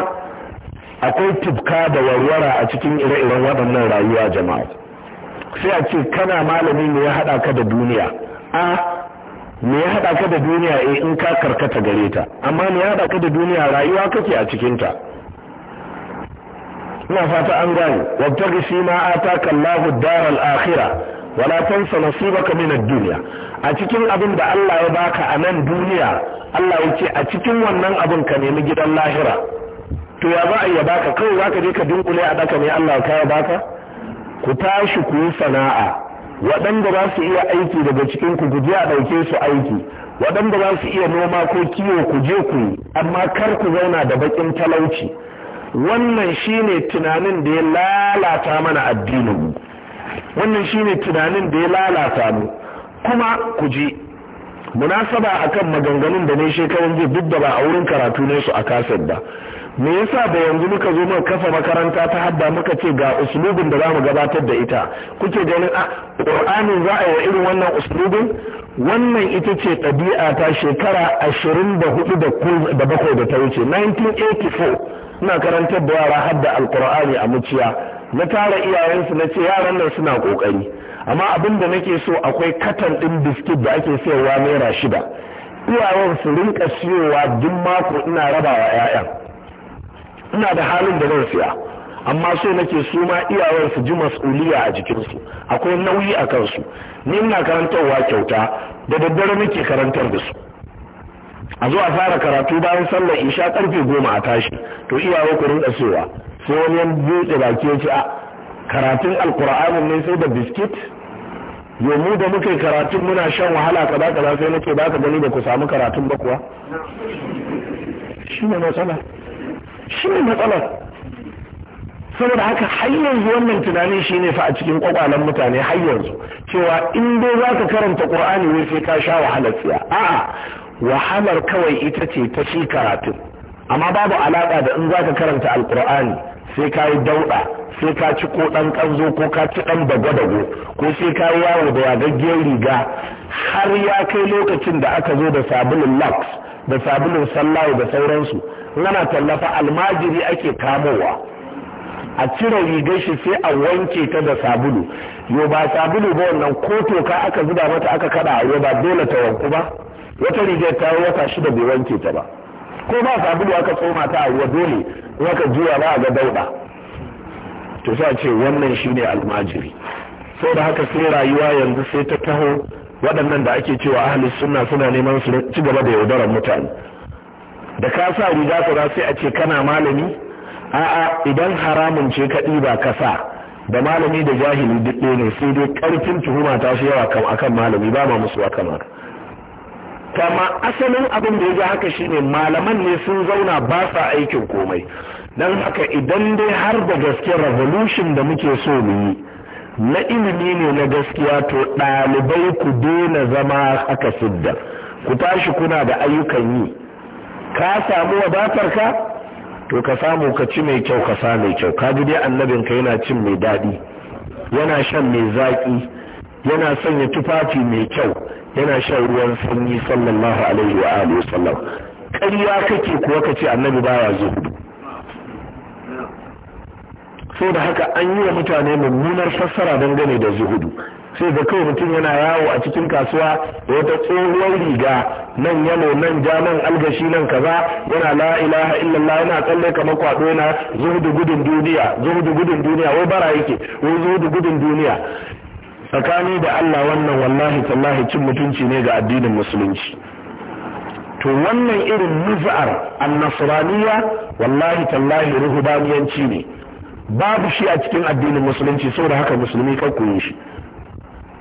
akwai tufka da warwara a cikin ire-iren waɗannan rayuwa jama'a sai a ce kana malami ne ya haɗa ka da duniya a me ya haɗa ka da duniya eh in ka karkata gare ta amma me ya haɗa ka da duniya rayuwa kake a cikinta ina fata an gane wata fi ma ta Allahu daral akhira. wala tansa nasibaka min ad duniya. a cikin abin da Allah ya baka a nan duniya Allah ya ce a cikin wannan abin ka nemi gidan lahira to ya za a iya baka kawai zaka je ka dunkule a ɗaka ne Allah ka ya baka ku tashi ku yi sana'a waɗanda za su iya aiki daga cikin ku guje a ɗauke su aiki waɗanda za su iya noma ko kiwo ku je ku yi amma kar ku zauna da baƙin talauci wannan shine tunanin da ya lalata mana addinin wannan shine tunanin da ya lalata mu kuma ku ji munasaba akan maganganun da ne shekarun jiya duk da ba a wurin karatu ne su a kasar ba me yasa da yanzu muka zo muka kafa makaranta ta hadda muka ce ga uslubin da za mu gabatar da ita kuke ganin a ah, qur'ani za a yi irin wannan uslubin wannan ita ce ɗabi'a ta shekara ashirin da hudu da bakwai da ta wuce 1984 ina karantar da yara hadda alƙur'ani a muciya na tara iyayensu na ce yaran nan suna ƙoƙari amma abin da nake so akwai katan ɗin biskit da ake sayarwa naira shida iyayen su rinka siyowa duk mako ina rabawa 'ya'yan ina da halin da zan siya amma so nake su ma iyawar su ji mas'uliya a jikinsu akwai nauyi a kansu ni ina karantarwa kyauta da daddare nake karantar da su a zo a fara karatu bayan sallar isha karfe goma a tashi to iyaye ku rinka cewa sai wani yan buɗe baki ya a karatun alkur'anin ne sai da biskit yomu da muka yi karatun muna shan wahala kaza kaza sai nake baka gani da ku samu karatun ba kuwa shi ne matsala shi ne matsalar saboda haka har yanzu wannan tunanin shi ne fa a cikin kwakwalen mutane har yanzu cewa in dai za ka karanta ƙur'ani ne sai ka sha wahalar tsiya a'a wahalar kawai ita ce ta shi karatun amma babu alaƙa da in za ka karanta alƙur'ani sai ka yi dauɗa sai ka ci ko ɗan ƙanzo ko ka ci ɗan dago-dago ko sai ka yi yawo da yagaggen riga har ya kai lokacin da aka zo da sabulun laks da sabulun sallawa da sauransu ana tallafa almajiri ake kamowa a cire rigar shi sai a wanke ta da sabulu yo ba sabulu ba wannan ko toka aka zuba mata aka kada yo ba dole ta wanku ba wata rigar ta wata shida bai wanke ta ba ko ba sabulu aka tsoma ta a ruwa dole waka juya ba a ga dauda to sai ce wannan shine almajiri da haka sai rayuwa yanzu sai ta taho waɗannan da ake cewa ahli sunna suna neman su ci gaba da yaudarar mutane da ka sa riga kaza sai a ce kana malami a'a idan haramun ce ka ɗiba ka sa da malami da jahili duk ne sai dai ƙarfin tuhuma ta shi yawa kan akan malami ba ma musu haka ma kama asalin abin da ya ji haka shine malaman ne sun zauna ba sa aikin komai don haka idan dai har da gaske revolution da muke so mu yi na ilimi ne na gaskiya to ɗalibai ku daina zama aka sidda ku tashi kuna da ayyukan yi ka samu wadatar ka to ka samu ka ci mai kyau ka sa mai kyau ka ji dai annabin ka yana cin mai daɗi yana shan mai zaƙi yana sanya tufafi mai kyau yana shan ruwan sanyi sallallahu alaihi wa alihi wasallam ƙarya kake kuwa ka ce annabi baya zuhudu da haka an yi wa mutane mummunar fassara dangane da zuhudu sai da kawai mutum yana yawo a cikin kasuwa da wata tsohuwar riga nan yalo nan jaman algashi nan kaza yana la ilaha illallah yana tsalle kamar kwado yana zuhudu gudun duniya zuhudu gudun duniya wai bara yake wai zuhudu gudun duniya tsakani da Allah wannan wallahi tallahi cin mutunci ne ga addinin musulunci to wannan irin nuzar annasraniya wallahi tallahi ruhubaniyanci ne babu shi a cikin addinin musulunci saboda haka musulmi kan koyi shi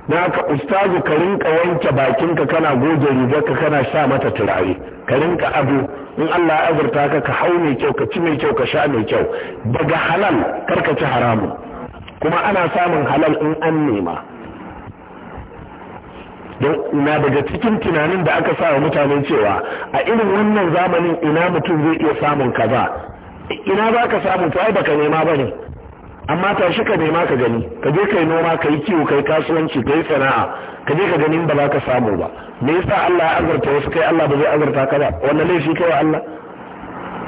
na ka ustazu ka rinka wanke bakinka kana goge rigarka kana sa mata turare ka rinka abu in Allah ya azurta ka ka hau mai kyau ka ci mai kyau ka sha mai kyau daga halal kar ka ci haramun kuma ana samun halal in an nema don na daga cikin tunanin da aka sa wa mutane cewa a irin wannan zamanin ina mutum zai iya samun kaza ina za ka samu to ai baka nema ba ne amma shi ka nema ka gani ka je kai noma ka yi kiwo kai kasuwanci kai sana'a ka je ka gani ba za ka samu ba me yasa Allah ya azurta wasu kai Allah ba zai azurta ka ba wannan laifi kai wa Allah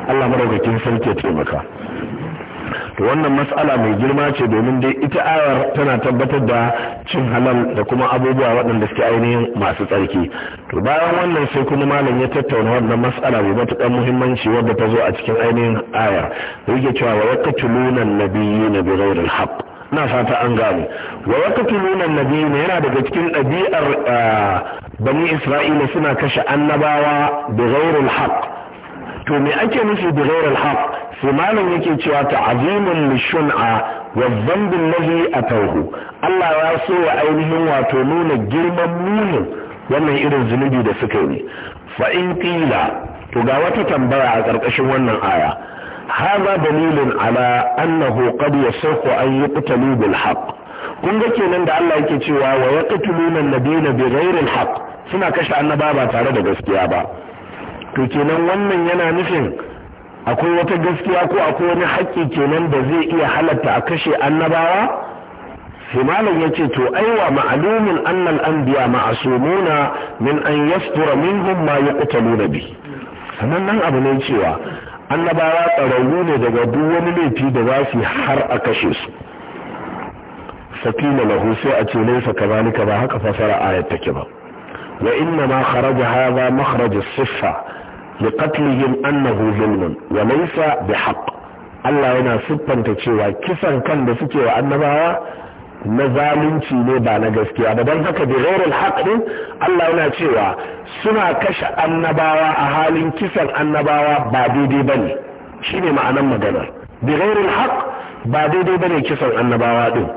Allah madaukakin sarki ya taimaka to wannan matsala mai girma ce domin dai ita ayar tana tabbatar da cin halal da kuma abubuwa waɗanda suke ainihin masu tsarki to bayan wannan sai kuma malam ya tattauna wannan mas'ala mai matuƙar muhimmanci wadda ta zo a cikin ainihin ayar da yake cewa wa yaqtuluna an haqq na fata an gane wa yaqtuluna an yana daga cikin ɗabi'ar ah, bani isra'ila suna kashe annabawa bighayri al-haqq to me ake nufi bighayri al-haqq sai malam yake cewa ta'azimun lishun'a wa dhanbin a tauhu Allah ya so wa ainihin wato nuna girman munin wannan irin zunubi da suka yi fa in to ga wata tambaya a ƙarƙashin wannan aya haza dalilin ala annahu qad yasaqu an yuqtalu bil haqq kun ga kenan da Allah yake cewa wa yaqtuluna an-nabiyina bighayri al-haqq suna kashe annaba ba tare da gaskiya ba to kenan wannan yana nufin akwai wata gaskiya ko akwai wani haƙƙi kenan da zai iya halatta a kashe annabawa sai malam ya ce to aiwa ma'alumin annal anbiya ma'asumuna min an yastura minhum ma yuqtaluna bi sannan nan abu ne cewa annabawa tsararru ne daga duk wani laifi da za su har a kashe su sakila lahu sai a ce laisa kazalika ba haka fasara ayat take ba wa inna ma kharaja hadha makhraj as-siffa liqatlihim annahu zulmun wa laysa bihaqq Allah yana siffanta cewa kisan kan da suke wa annabawa na zalunci ne ba na gaskiya ba don haka bi ghairul haqq Allah yana cewa suna kashe annabawa a halin kisan annabawa ba daidai bane shine ma'anar maganar bi ghairul ba daidai bane kisan annabawa din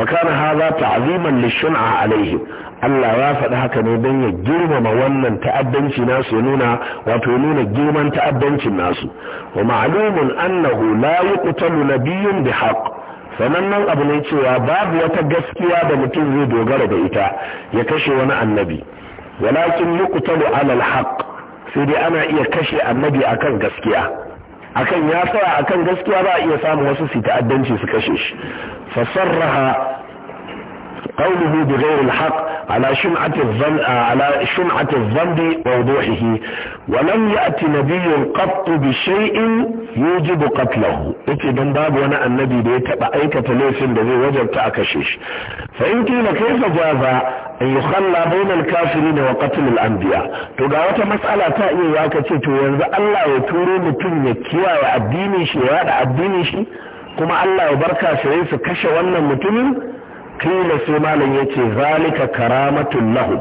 fa kana hadha ta'ziman a alaihim Allah ya faɗi haka ne don ya girmama wannan ta'addanci nasu ya nuna wato ya nuna girman ta'addancin nasu wa ma'lumun annahu la yuqtalu nabiyyun bihaqq sanannan abu ne cewa babu wata gaskiya da mutum zai dogara da ita ya kashe wani annabi walakin yuqtalu ala alhaq sai dai ana iya kashe annabi akan gaskiya akan ya tsaya akan gaskiya ba iya samun wasu su ta'addanci su kashe shi fasarraha قوله بغير الحق على شمعة الظن على شمعة الذنب ووضوحه ولم يأتي نبي قط بشيء يوجب قتله yake don babu wani annabi da ya taba aikata laifin da zai wajabta a kashe shi fa in kila kaifa jaza an yukhalla bayna al-kafirin wa qatl al-anbiya to ga wata mas'ala ta iya ya kace to yanzu Allah ya turo mutum ya kiyaye addinin shi ya da addinin shi kuma Allah ya barka sai su kashe wannan mutumin kila sai malam ya ce zalika karamatun lahu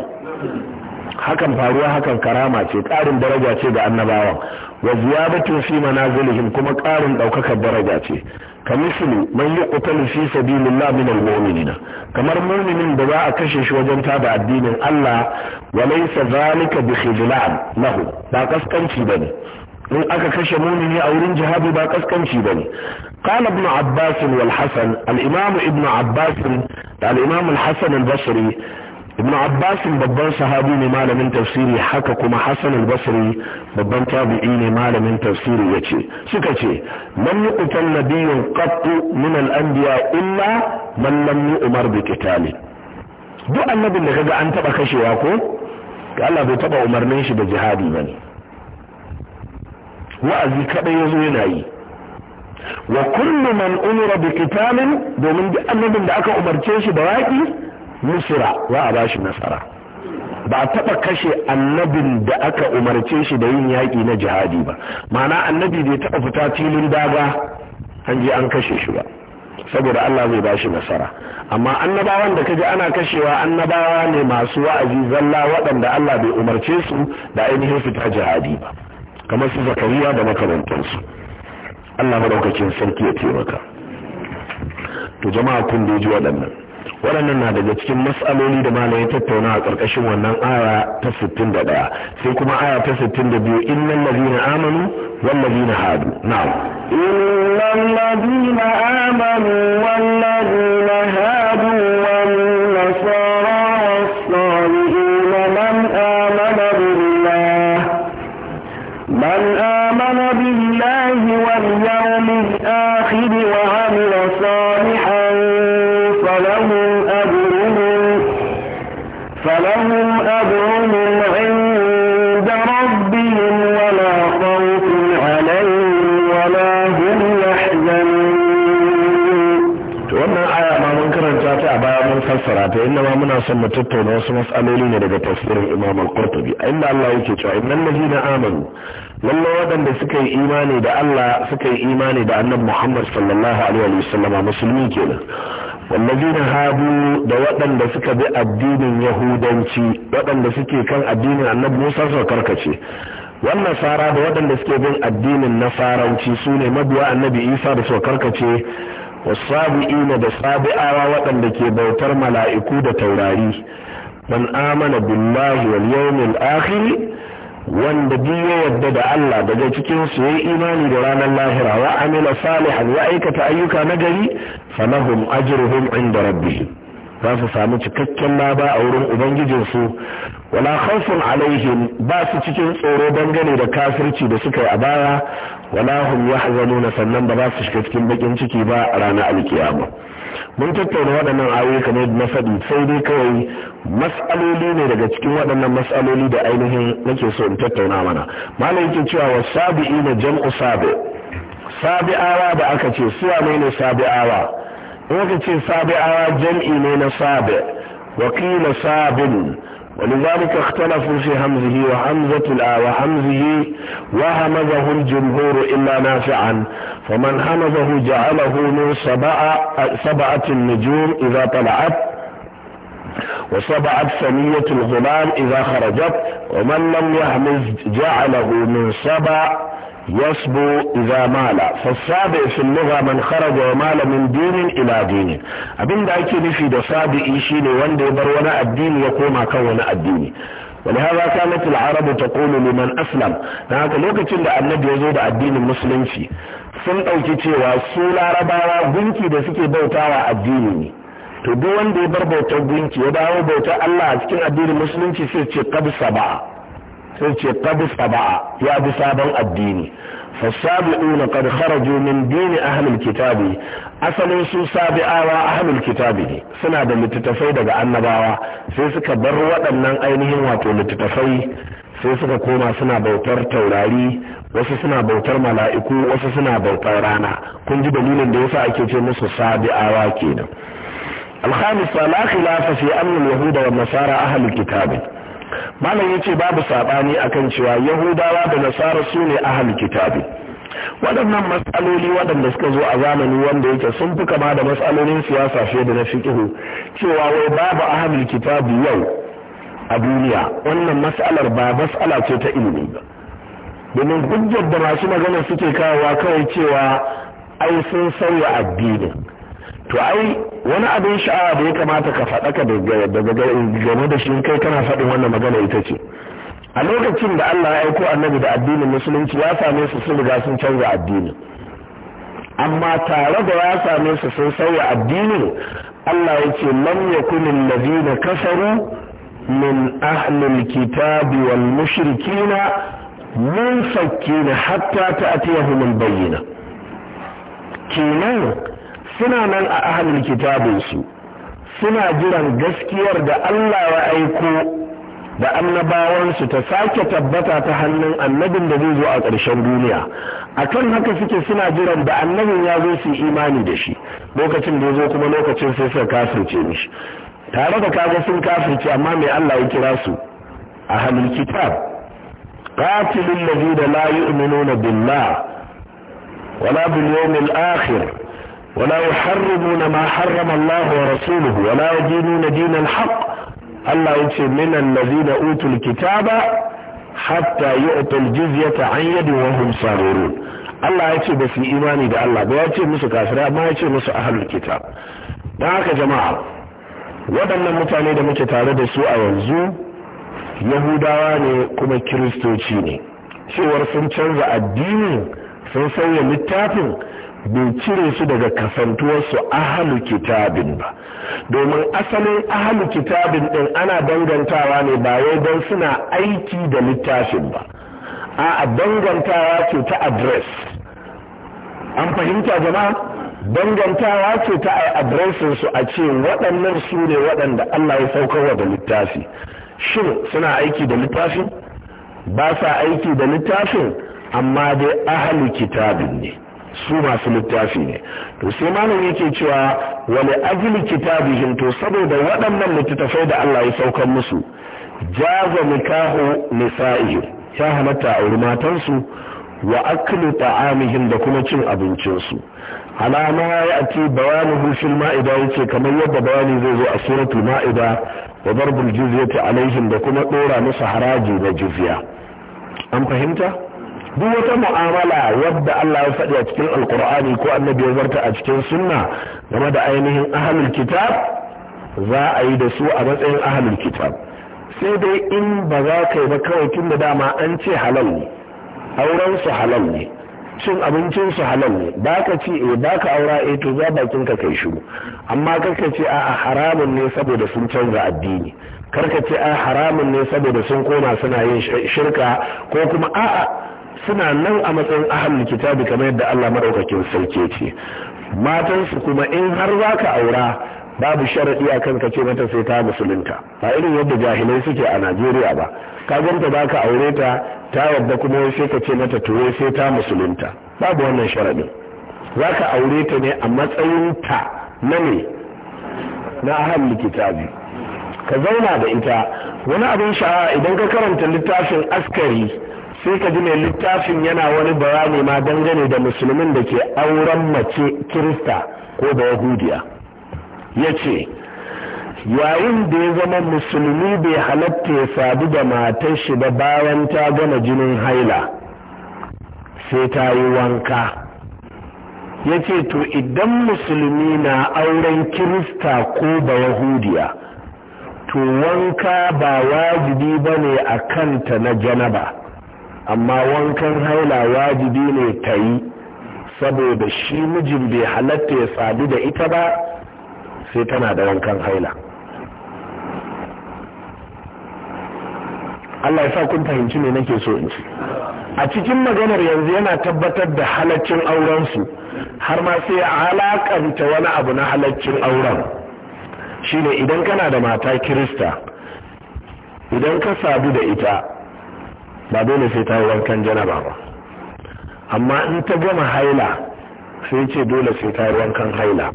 hakan faruwa hakan karama ce ƙarin daraja ce ga annabawan wa ziyadatu fi manazilihim kuma ƙarin ɗaukakar daraja ce kamislu man yuqtalu fi sabilillah min almu'minina kamar mu'minin da za a kashe shi wajen tada addinin Allah wa laysa zalika bi khijlan lahu ba kaskanci bane in aka kashe mumini a wurin jihadi ba kaskanci ba ne قال ابن عباس والحسن الإمام ابن عباس الإمام الحسن البصري ابن عباس babban sahabi ne malamin tafsiri haka kuma Hassan Basiri babban tabi'i ne malamin tafsiri yace suka ce lam yuqtal nabiyyun qatt min al-anbiya illa man lam yu'mar bi qitali duk annabin da kaga an taɓa kashewa ko Allah bai taɓa umarnin shi da jihadi bane wa'azi kadai yazo yana yi wa kullu man umira bi qitalin domin duk annabin da aka umarce shi da waki nusira za a bashi nasara ba a taɓa kashe annabin da aka umarce shi da yin yaƙi na jihadi ba ma'ana annabi bai taɓa fita filin daga an je an kashe shi ba saboda Allah zai bashi nasara amma annabawan da kaji ana kashewa annabawa ne masu wa'azi zalla waɗanda Allah bai umarce su da ainihin fita jihadi ba kamar su zakariya da makarantarsu Allah madaukakin sarki ya taimaka to jama'a kun da ji waɗannan waɗannan na daga cikin matsaloli da malam ya tattauna a ƙarƙashin wannan aya ta 61 sai kuma aya ta 62 innal ladina amanu wal ladina hadu na'am innal ladina amanu wal ladina hadu fassara ta inna muna son mu tattauna wasu mas'aloli ne daga tafsirin Imam Al-Qurtubi inda Allah yake cewa innal ladina amanu lalla waɗanda suka yi imani da Allah suka yi imani da Annabi Muhammad sallallahu alaihi wa sallama musulmi kenan wallazina hadu da waɗanda suka bi addinin Yahudanci waɗanda suke kan addinin Annabi Musa suka karkace wannan sara da waɗanda suke bin addinin Nasaranci su ne mabiya Annabi Isa da suka karkace wasabi'ina da sabi'awa waɗanda ke bautar mala'iku da taurari man amana billahi wal yawmil akhir wanda duk ya yadda da Allah daga cikin su yayi imani da ranar lahira wa amila salihan wa aikata ayyuka nagari falahum ajruhum inda rabbihim za su sami cikakken laba a wurin ubangijinsu wala khawfun alaihim ba su cikin tsoro dangane da kafirci da suka yi a baya wala hum yahzanuna sannan ba su shiga cikin bakin ciki ba a ranar alkiyama mun tattauna waɗannan ayoyi kamar na faɗi sai dai kawai mas'aloli ne daga cikin waɗannan mas'aloli da ainihin nake so in tattauna mana malam yake cewa wa sabi'ina jam'u sabi sabi'awa da aka ce suwa ne ne sabi'awa wanda سابع جمع من سابع وقيل sabi ولذلك اختلفوا في همزه وهمزة وهمزه وهمزه الجمهور إلا نافعا فمن همزه جعله من سبعة, سبعة النجوم إذا طلعت وسبعت ثنية الغلام إذا خرجت ومن لم يهمز جعله من سبع يصبو إذا مال فالصابع في اللغة من خرج ومال من دين إلى دين أبين دعيك نفي دا صابع إيشيني وان دي بروانا الدين يقوم كونا الدين ولهذا كانت العرب تقول لمن أسلم نهاك لوكة إلا النبي يزود الدين المسلم في sun ɗauki cewa su larabawa gunki da suke bautawa addini ne to duk wanda ya bar bautar gunki ya dawo bautar Allah a cikin addinin musulunci sai ce kabsa ba sai ce qad saba'a ya bi sabon addini fasabi'una qad kharaju min dini ahlul kitabi asalin su sabi'awa ahlul kitabi ne suna da littattafai daga annabawa sai suka bar waɗannan ainihin wato littattafai sai suka koma suna bautar taurari wasu suna bautar mala'iku wasu suna bautar rana kun ji dalilin da yasa ake ce musu sabi'awa kenan الخامس لا خلاف في أمن اليهود والنصارى أهل kitabi. malam ya ce babu saɓani kan cewa yahudawa da nasara su ne ahal kitabi waɗannan matsaloli waɗanda suka zo a zamani wanda yake sun fi kama da matsalolin siyasa fiye da na fi fiƙihu cewa wai babu ahalul kitabi yau a duniya wannan matsalar ba matsala ce ta ilimi ba domin hujjar da masu magana suke kawowa kawai cewa ai sun sauya addinin to ai wani abin sha'awa da ya kamata ka faɗaka daga game da shi kai kana faɗin wannan magana ita ce a lokacin da Allah ya aiko annabi da addinin musulunci ya same su sun riga sun canza addinin amma tare da ya same su sun sauya addinin Allah ya ce lam yakunil ladina kafaru min ahlil kitabi wal mushrikina munfakkina hatta ta'tiyahum al bayyina kenan suna nan a ahalin kitabinsu suna jiran gaskiyar da Allah ya aiko da annabawansu ta sake tabbata ta hannun annabin da zai zo a ƙarshen duniya akan haka suke suna jiran da annabin ya zo su imani da shi lokacin da ya zo kuma lokacin sai suka kafirce mishi tare da kaga sun kafirce amma mai Allah ya kira su a hannun kitab qatilul ladina la yu'minuna billah wala bil yawmil ولا يحرمون ما حرم الله ورسوله ولا يدينون دين الحق الله يتي من الذين أوتوا الكتاب حتى يؤتوا الجزية عن يد وهم صاغرون Allah ya ce ba su yi imani da Allah ba ya ce musu kafira amma ya ce musu ahalul kitab don haka jama'a waɗannan mutane da muke tare da su a yanzu yahudawa ne kuma kiristoci ne cewar sun canza addinin, sun sauya littafin bai cire su daga kasantuwarsu ahalu kitabin ba domin asalin ahalu kitabin din ana dangantawa ne ba yau don suna aiki da littafin ba a dangantawa ce ta adres an fahimta jama'a dangantawa ce ta a adresin su a ce waɗannan su ne waɗanda Allah ya saukarwa da littafi shin suna aiki da littafin ba sa aiki da littafin amma dai ahalu kitabin ne su masu littafi ne to sai malam yake cewa wani ajili kitabihim to saboda waɗannan littattafai da Allah ya saukar musu jaza nikahu nisa'ihim ya halatta auri matansu wa aklu ta'amihim da kuma cin abincinsu alama ya ati bayanu fil ma'ida yace kamar yadda bayani zai zo a suratul ma'ida wa darbul jizyati alaihim da kuma dora musu haraji na jizya an fahimta duk wata mu'amala wadda Allah ya faɗi a cikin alkur'ani ko annabi ya zarta a cikin sunna game da ainihin ahalul kitab za a yi da su a matsayin ahalul kitab sai dai in ba za ka yi ba kawai tun da dama an ce halal ne auren su halal ne cin abincin su halal ne ba ka ci e, ba ka aura e, to za bakin ka kai shiru amma kar ka ce a'a haramun ne saboda sun canza addini kar ka ce a haramun ne saboda sun koma suna yin shirka ko kuma a'a suna nan a matsayin ahan kitabi kamar yadda Allah madaukakin sarki ce matansu kuma in har za ka aura babu sharaɗi a kanka ce mata sai ta musulunta ba irin yadda jahilai suke a najeriya ba ka ganta ba ka aure ta ta yadda kuma sai ka ce mata tuwe sai ta musulunta babu wannan sharaɗin za ka aure ta ne a matsayin ta na ne na ahalli kitabi ka zauna da ita wani abin sha'awa idan ka karanta littafin askari sai ka ji mai littafin yana wani bayani ma dangane da musulmin da ke auren mace kirista ko da yahudiya ya ce yayin da ya zama musulmi bai halatta ya sadu da matar shi da bayan ta gama jinin haila sai ta yi wanka ya ce to idan musulmi na auren kirista ko ba yahudiya to wanka ba wajibi ba ne a kanta na janaba amma wankan haila wajibi ne ta yi saboda shi mijin bai halatta ya sadu da ita ba sai tana da wankan haila Allah ya sa kun fahimci ne nake so in ci a cikin maganar yanzu yana tabbatar da halaccin aurensu har ma sai ya alakanta wani abu na halaccin auren shine idan kana da mata kirista idan ka sadu da ita ba dole sai ta yi wankan janaba ba amma in ta gama haila sai ce dole sai ta yi wankan haila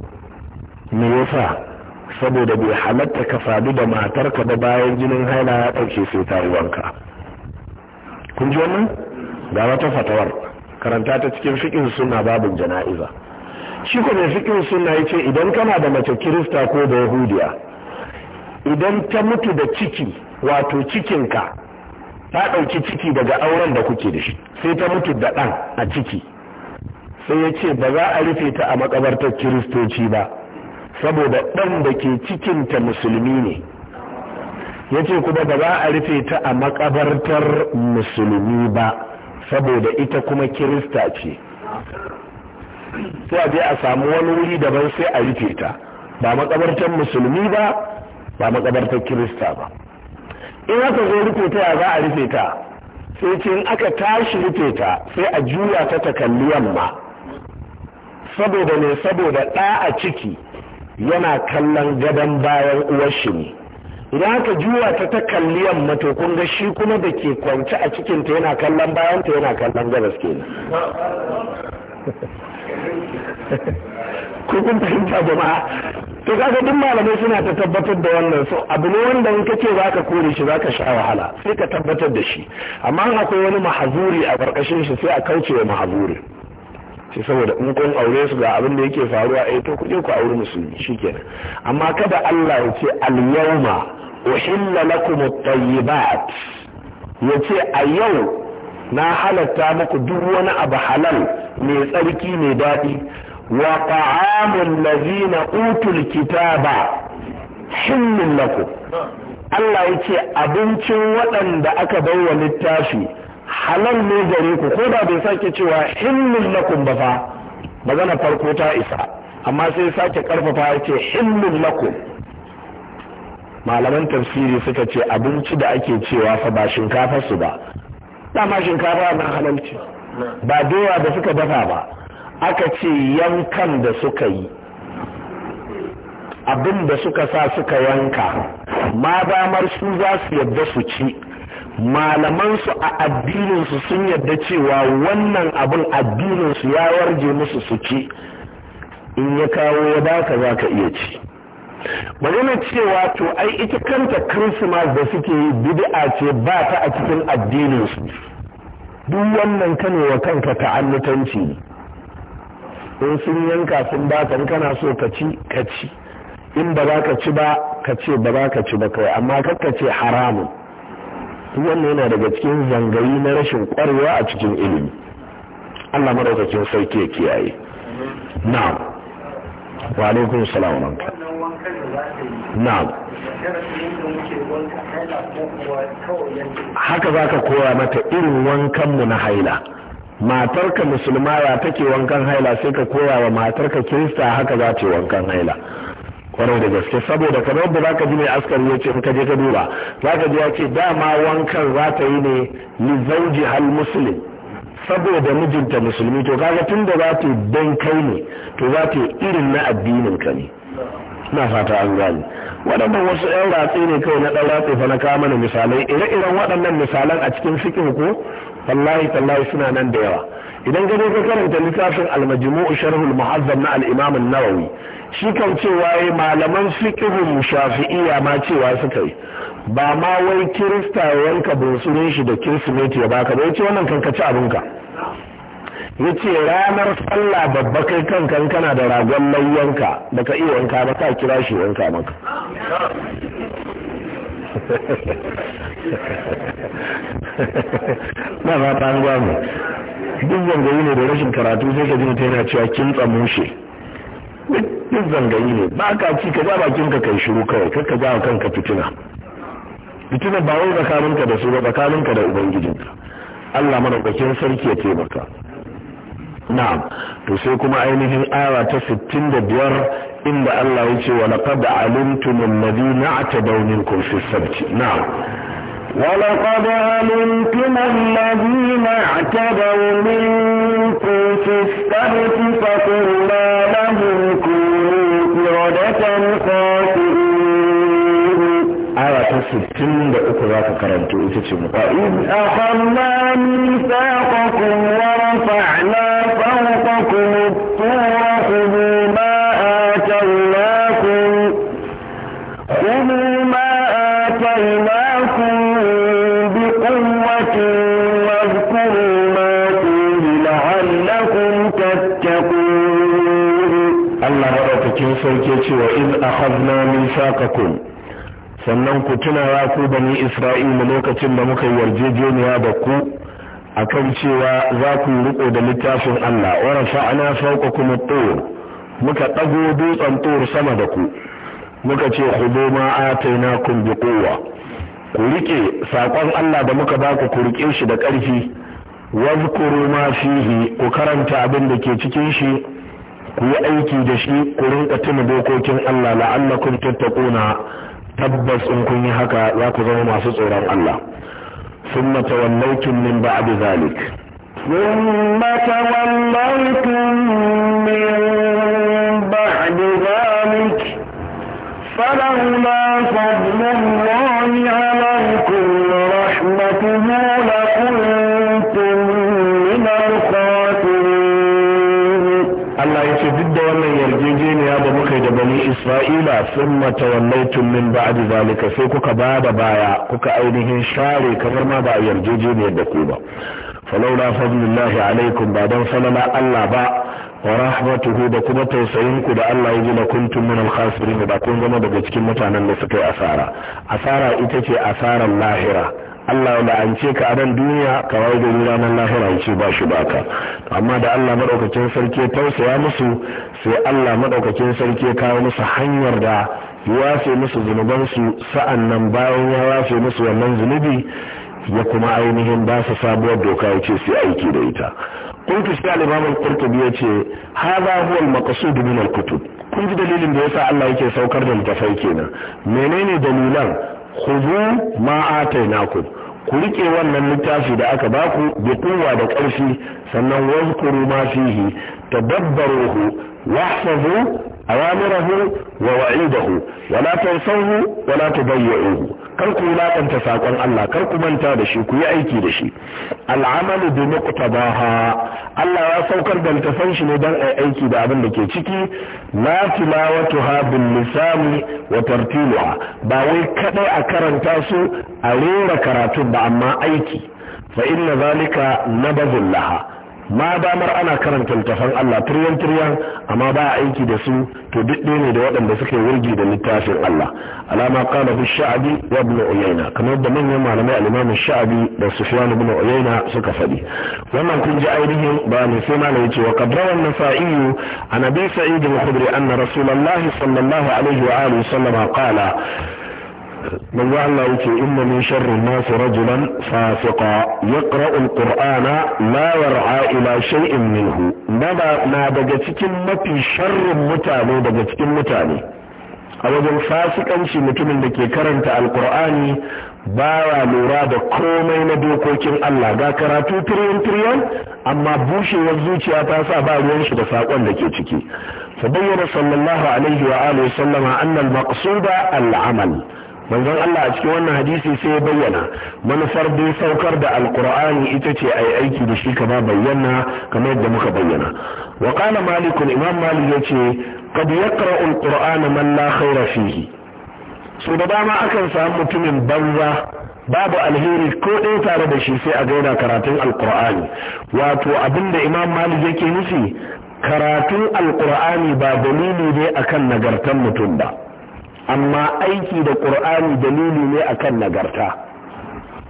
me yasa saboda bai halatta ka sadu da matarka da bayan jinin haila ya ɗauke sai ta yi wanka kun ji wannan ga wata fatawar karanta ta cikin fikin suna babin jana'iza shi kuma fikin suna ya ce idan kana da mace kirista ko da yahudiya idan ta mutu da ciki wato cikinka ta ɗauki ciki daga auren da kuke da shi sai ta mutu da ɗan a ciki sai ya ce ba za a rufe ta a makabartar kiristoci ba saboda ɗan da ke cikinta musulmi ne ya ce kuma ba za a rufe ta a makabartar musulmi ba saboda ita kuma kirista ce sai a je a samu wani wuri daban sai a rufe ta ba makabartar musulmi ba ba makabartar kirista ba in aka zo rufe ta ya za a rufe ta sai ce in aka tashi rufe ta sai a juya ta ta kalli yamma saboda ne saboda ɗa a ciki yana kallon gadon bayan uwar shi ne idan aka juya ta ta kalli yamma to kun ga shi kuma da ke kwance a cikin ta yana kallon bayan ta yana kallon gabas kenan ko kun fahimta jama'a to kaga duk malamai suna ta tabbatar da wannan so abu ne wanda in kace zaka kore shi zaka sha wahala sai ka tabbatar da shi amma akwai wani mahazuri a karkashin shi sai a kauce wa mahazuri sai saboda in kun aure su ga abin da yake faruwa eh to kuje ku aure musulmi shikenan amma kada Allah ya ce al yawma uhilla lakum at-tayyibat yace a yau na halatta muku duk wani abu halal mai tsarki mai daɗi wa ta'amul lazina utul kitaba hillun Allah ya ce abincin waɗanda aka bai wa littafi halal ne gare ku ko da bai sake cewa hillun lakum ba fa magana farko ta isa amma sai sake karfafa ya ce hillun lakum malaman tafsiri suka ce abinci da ake cewa fa ba shinkafa su ba dama shinkafa na halalci ba doya da suka dafa ba aka ce yankan da suka yi abin da suka sa suka yanka ma damar su za su yadda su ci malamansu a addininsu sun yadda cewa wannan abin addininsu ya warje musu su ci in ya kawo ya baka za ka iya ci magana cewa to ai ita kanta christmas da suke yi bid'a ce ba ta a cikin addininsu duk wannan kanewa kanka ta'annutanci ne in sun yanka sun baka in kana so ka ci ka ci in ba za ka ci ba ka ce ba za ka ci ba kawai amma kar ka ce haramun wannan yana daga cikin zangayi na rashin kwarewa a cikin ilimi Allah madaukakin sarki ya kiyaye na'am wa salamu salam wa na'am haka za ka koya mata irin wankanmu na haila matarka musulma ya take wankan haila sai ka koya wa matarka kirista haka za ta wankan haila kwarai da gaske saboda kamar da zaka ji mai askari ya ce ka je ka duba zaka ji ya ce dama wankan za ta yi ne li zauji hal muslim saboda mijinta musulmi to kaga tun da za ta dan kai ne to za ta irin na addinin ka ne ina fata an gane waɗannan wasu ƴan ratse ne kawai na ɗan ratse fa na kawo mana misalai ire-iren waɗannan misalan a cikin fikin ko tallahi tallahi suna nan da yawa idan ka ka karanta littafin al-majmu'u sharhul muhazzab na al-imam an-nawawi shi kan cewa yayi eh, malaman fiqhun shafi'iyya ma cewa suka yi ba ma wai kirista yanka bunsurin shi da kirsimeti ya baka ba yace wannan kan ka ci abinka yace ranar sallah babba kai kankan kana da ragon layyanka baka iya wanka ba ka kira shi wanka maka na ba ta an gwamu duk zangayi ne da rashin karatu sai ka ji mutum yana cewa kin tsamushe duk zangayi ne ba ka ci ka zaba bakin ka kai shiru kawai kai ka ja kanka fitina fitina ba wai tsakaninka da su ba tsakaninka da ubangijinka Allah madaukakin sarki ya taimaka na'am to sai kuma ainihin aya ta 65 inda Allah ya ce علمتم الذين alimtum alladhina atadaw minkum fi sabti na'am ولقد علمتم الذين اعتدوا منكم في السبت فقلنا لهم كونوا قردة خاسرين آية 63 ذاك قرأت وتتم وإذ أخذنا ميثاقكم ورفعنا فوقكم ce wa in akhadna saqakum sannan ku tuna ya ku bani isra'ila lokacin da muka yarjejeniya da ku akan cewa za ku yi riko da littafin Allah wa rafa'na fawqakum at-tur muka dago dutsen tur sama da ku muka ce khudu ma ataynakum bi quwwa ku rike sakon Allah da muka ba ku riƙe shi da ƙarfi zkuru ma fihi ku karanta abin da ke cikin shi ku yi aiki da shi ku rinka tuna dokokin Allah la'allakum tattaquna tabbas in kun yi haka za ku zama masu tsoron Allah thumma tawallaytum min ba'di zalik thumma tawallaytum min ba'di zalik falawla fadlu Allah bani isra'ila thumma tawallaytum min ba'di zalika sai kuka bada baya kuka ainihin share kamar ma ba a yarjejeniyar da ku ba falaula fadlullahi alaikum ba don falala Allah ba wa rahmatuhu da kuma tausayin ku da Allah ya ji da kuntum min al-khasirin da kun zama daga cikin mutanen da suka yi asara asara ita ce asarar lahira Allah ya la'ance ka a nan duniya ka da gari ranar lahira ya ce ba shi baka amma da Allah madaukakin sarki ya tausaya musu sai Allah madaukakin sarki ya kawo musu hanyar da ya wafe musu zunubansu sa'an nan bayan ya wafe musu wannan zunubi ya kuma ainihin ba su sabuwar doka ya ce sai aiki da ita kuntu sai al kurtubi al-qurtubi yace hadha huwa al-maqsud min al-kutub kun ji dalilin da yasa Allah yake saukar da littafai kenan menene dalilan khudu ma atainakum ku rike wannan littafi da aka baku da kuwa da ƙarfi sannan wazkuru ma fihi tadabbaruhu wahfazu awamirahu wa wa'idahu wa wala tansahu wa la tudayyuhu kar ku lakanta sakon Allah kar ku manta da shi ku yi aiki da shi al'amalu bi muqtabaha Allah ya saukar da littafan shi ne don ai aiki da abin da ke ciki la tilawatuha bil lisani wa ba wai kadai a karanta su a rera karatun ba amma aiki fa inna zalika na laha ma damar ana karanta littafan Allah tiryan tiryan amma ba a aiki da su to duk ne da waɗanda suke wurgi da littafin Allah alama qala bi sha'bi wa ibn uyayna kamar da manyan malamai al-imam sha'bi da sufyan ibn uyayna suka faɗi wannan kun ji ainihin ba ne sai malam yace wa qad rawa an-nasa'i an abi sa'id al-khudri anna rasulullah sallallahu alaihi wa alihi sallama qala manzo Allah yake inna sharrin sharri nas rajulan fasiqa yaqra'u alqur'ana la yar'a ila shay'in minhu na daga cikin mafi sharrin mutane daga cikin mutane a wajen fasikanci mutumin da ke karanta alqur'ani baya lura da komai na dokokin Allah ga karatu tiriyan tiriyan amma bushewar zuciya ta sa ba ruwan shi da saƙon da ke ciki fa bayyana sallallahu alaihi wa alihi sallama anna al-maqsuda al-amal manzon Allah a cikin wannan hadisi sai ya bayyana manufar dai saukar da alkur'ani ita ce a yi aiki da shi kama bayyana kamar yadda muka bayyana wa Malikun malik imam malik yace qad yaqra'u alqur'ana man la khayra fihi so da dama akan samu mutumin banza babu alheri ko ɗaya tare da shi sai a gaida karatun alkur'ani wato abinda imam malik yake nufi karatun alkur'ani ba dalili ne akan nagartan mutum ba amma aiki da ƙur'ani dalili ne akan nagarta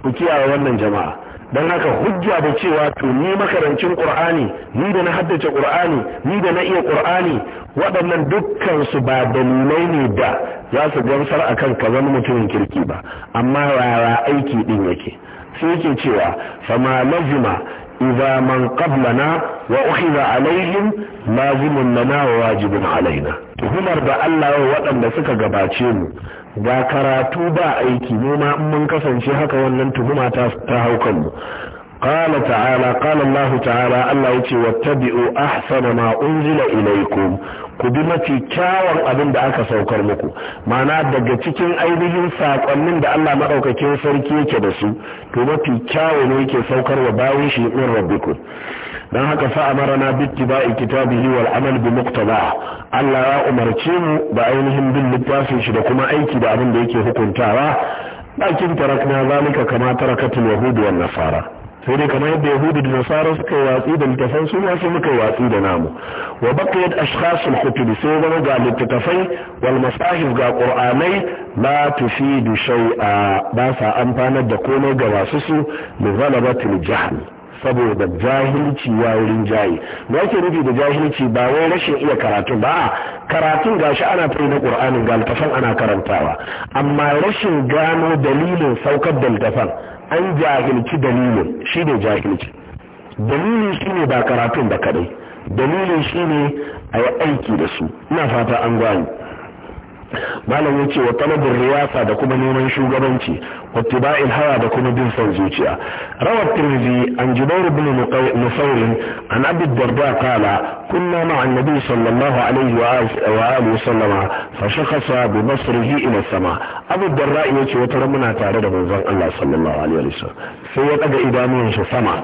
ku kiyaye wannan jama'a don haka hujja da cewa to ni makarancin ƙur'ani ni da na haddace ƙur'ani ni da na iya ƙur'ani waɗannan dukkan su ba dalilai ne da za su gamsar akan ka zama mutumin kirki ba amma yara aiki din yake sai yake cewa fama lazima idza man qablana wa ukhiza alaihim lazimun lana wa wajibun alaina tuhumar da Allah yau waɗanda suka gabace mu ga karatu ba aiki mu ma in mun kasance haka wannan tuhuma ta hau kanmu mu تعالى ta'ala الله ta'ala الله يتي واتبعوا ahsana ma unzila اليكم ku bi mafi kyawun abin da aka saukar muku mana daga cikin ainihin sakonnin da Allah maɗaukakin sarki yake da su to mafi kyawun ne yake saukar wa bayan shi in rabbikum don haka fa amarana bittiba'i kitabihi wal amal bi muqtada Allah ya umarce mu da ainihin bin littafin shi da kuma aiki da abin da yake hukuntawa lakin tarakna zalika kama tarakatul yahudi wan nasara sai dai kamar yadda yahudu da nasara suka yi watsi da littafan su ma sai muka yi watsi da namu wa baqiyat ashkhasul kutub sai zama ga littafai wal masahif ga qur'anai la tufidu shay'a ba sa amfanar da komai ga masu su li ghalabatil jahl saboda jahilci ya wurin jayi ba ke nufi da jahilci ba wai rashin iya karatu ba karatun gashi ana fari na qur'anin ga ana karantawa amma rashin gano dalilin saukar da littafan an jahilci dalilin shi ne jahilci dalilin shine ba karatun ba kadai dalilin shine ne a yi aiki da su ina fata an gwani malam ya ce wa talabin riyasa da kuma neman shugabanci wa tiba'il hawa da kuma bin son zuciya rawar tirzi an ji jibar ibn musawrin an abi darda qala kunna ma'a annabi sallallahu alaihi wa alihi sallama fa shakhasa bi basrihi ila sama abu darda ya ce wata muna tare da manzon Allah sallallahu alaihi wa sallam sai ya daga idanun shi sama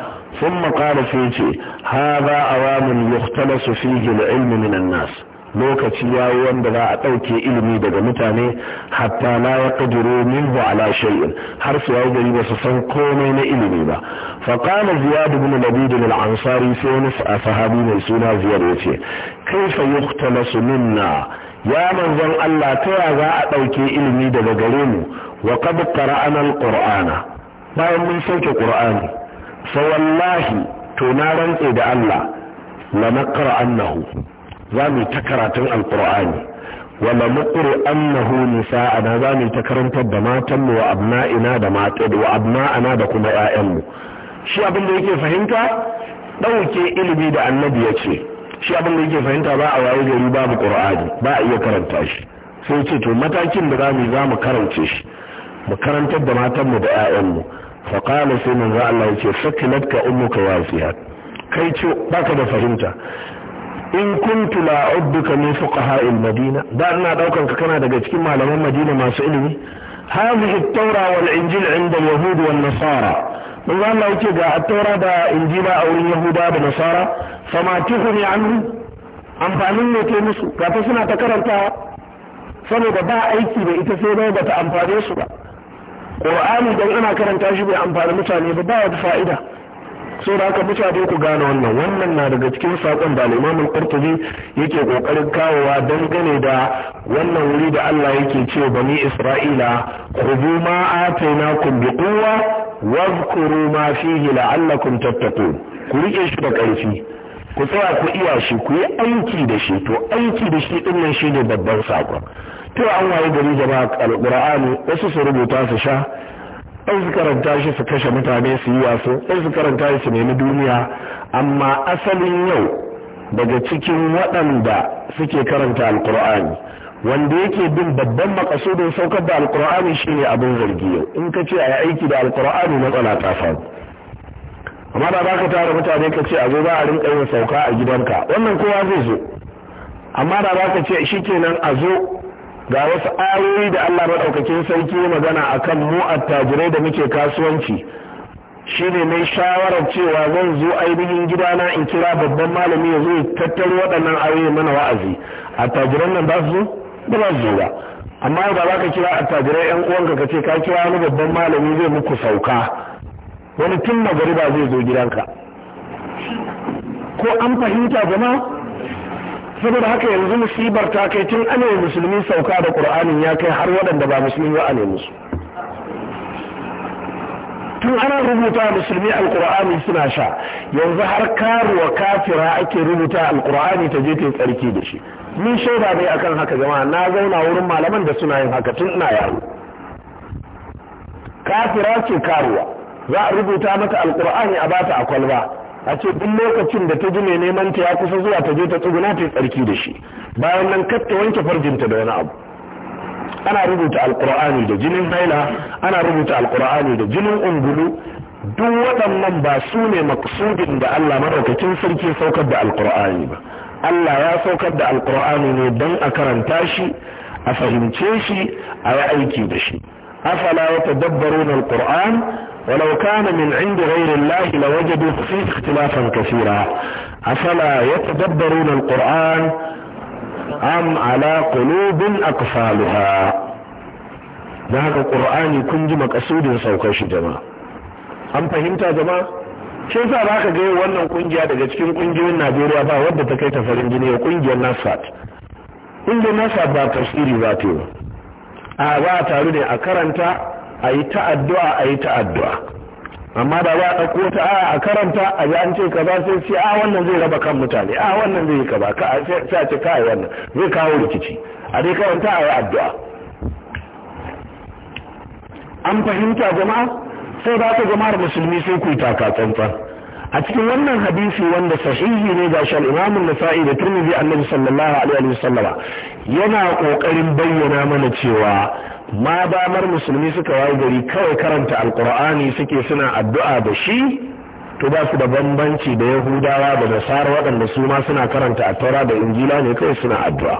ثم قال فيتي هذا أوام يختلس فيه العلم من الناس lokaci ya yi wanda za a ɗauke ilimi daga mutane hatta la ya ƙadiro minhu ala shay'in har su yayi gari ba su san komai na ilimi ba fa qala ziyad ibn labid al-ansari sai wani sahabi mai suna ziyad yace kaifa yuhtalasu minna ya manzon Allah ta ya za a ɗauke ilimi daga gare mu wa qad qara'ana al-qur'ana bayan mun sauke qur'ani fa wallahi to na rantse da Allah la naqra'annahu za mu ta karatun alkur'ani wala muqri annahu nisa'ana za mu ta karantar da matanmu wa abna'ina da matan wa abna'ana da kuma yayanmu shi abin da yake fahimta ɗauke ilimi da annabi ya ce shi abin da yake fahimta ba a waye gari babu ƙur'ani ba a iya karanta shi sai ce to matakin da za mu za mu karance shi mu karantar da matanmu da 'ya'yanmu fa qala sai manzo Allah yace sakilatka ummuka wasiha kai ce baka da fahimta in kuntu la udduka min fuqaha al-madina da ina daukan ka kana daga cikin malaman madina masu ilimi hadhihi at-taura wal injil inda al-yahud wal nasara mun ga Allah yake ga at-taura da injila a wurin yahuda da nasara fama tuhuni anhu amfanin ne ke musu ga ta suna ta karanta saboda ba aiki da ita sai dai bata amfane su ba qur'ani dan ana karanta shi bai amfani mutane ba ba wata fa'ida so da haka mutane ku gane wannan wannan na daga cikin sakon da al yake kokarin kawowa dangane da wannan wuri da Allah yake ce bani Isra'ila khudhu ma atainakum biquwa wadhkuru ma fihi la'allakum tattaqun ku rike shi da ƙarfi ku tsaya ku iya shi ku yi aiki da shi to aiki da shi din nan shine babban saƙon to an waye gari jama'a alqur'ani wasu su rubuta su sha ɗan su karanta shi su kashe mutane su yi wasu ɗan su karanta shi su nemi duniya amma asalin yau daga cikin waɗanda suke karanta alkur'ani wanda yake bin babban makasudin saukar da alkur'ani shine abin zargi yau in ka ce a yi aiki da alkur'ani matsala ta faru amma da za ka tara mutane ka ce a zo za a rinka yin sauka a gidanka wannan kowa zai zo amma da za ka ce shi kenan a zo ga wasu ayoyi da Allah maɗaukakin sarki magana akan mu attajirai da muke kasuwanci shine mai shawarar cewa zan zo ainihin gidana in kira babban malami ya zo ya tattaro waɗannan ayoyi mana wa'azi attajiran nan ba su zo ba za su zo ba amma ba za ka kira attajirai yan uwanka ka ce ka kira wani babban malami zai muku sauka wani tun magariba zai zo gidanka ko an fahimta jama'a saboda haka yanzu musibar ta kai tun ane musulmi sauka da ƙur'anin ya kai har waɗanda ba musulmi ba nemi su. tun ana rubuta musulmi alƙur'ani suna sha yanzu har karuwa kafira ake rubuta alƙur'ani ta je ta tsarki da shi ni shaida ne akan haka jama'a na zauna wurin malaman da suna yin haka tun ina yaro kafira ce karuwa za a rubuta mata alƙur'ani a bata a kwalba a ce duk lokacin da ta ji mai neman ta ya kusa zuwa ta je ta tsuguna ta yi tsarki da shi bayan nan kar ta wanke farjinta da wani abu ana rubuta alkur'ani da jinin haila ana rubuta alkur'ani da jinin ungulu duk waɗannan ba su ne maksudin da Allah maɗaukakin sarki saukar da alkur'ani ba Allah ya saukar da alkur'ani ne don a karanta shi a fahimce shi a yi aiki da shi afala ya na alkur'an ولو كان من عند غير الله لوجدوا فيه اختلافا كثيرا أفلا يتدبرون القرآن أم على قلوب أقفالها ذاك القرآن كن جمع أسود سوكش جماعة أم فهمت يا جماعة shin sa ba ka ga wannan kungiya daga cikin kungiyoyin Najeriya ba wadda ta kai ta farin jini kungiyar NASFAT kungiyar NASFAT ba tafsiri ba ta yi a a taru ne a karanta a yi ta'addu'a a yi ta'addu'a amma da ba a ɗauko ta a karanta a ji an ce ka za sai ce a wannan zai raba kan mutane a wannan zai yi ka ba ka a ce ka yi wannan zai kawo rikici a dai karanta a yi addu'a an fahimta jama'a sai ba ka jama'ar musulmi sai ku yi taka tsantsan a cikin wannan hadisi wanda sahihi ne ga shi al na sa'i da turmi Tirmidhi Annabi sallallahu alaihi wa sallama yana kokarin bayyana mana cewa ma damar musulmi suka wayi gari kawai karanta alkur'ani suke suna addu'a da shi to ba su da bambanci da yahudawa da nasara waɗanda su ma suna karanta Attaura da injila ne kawai suna addu'a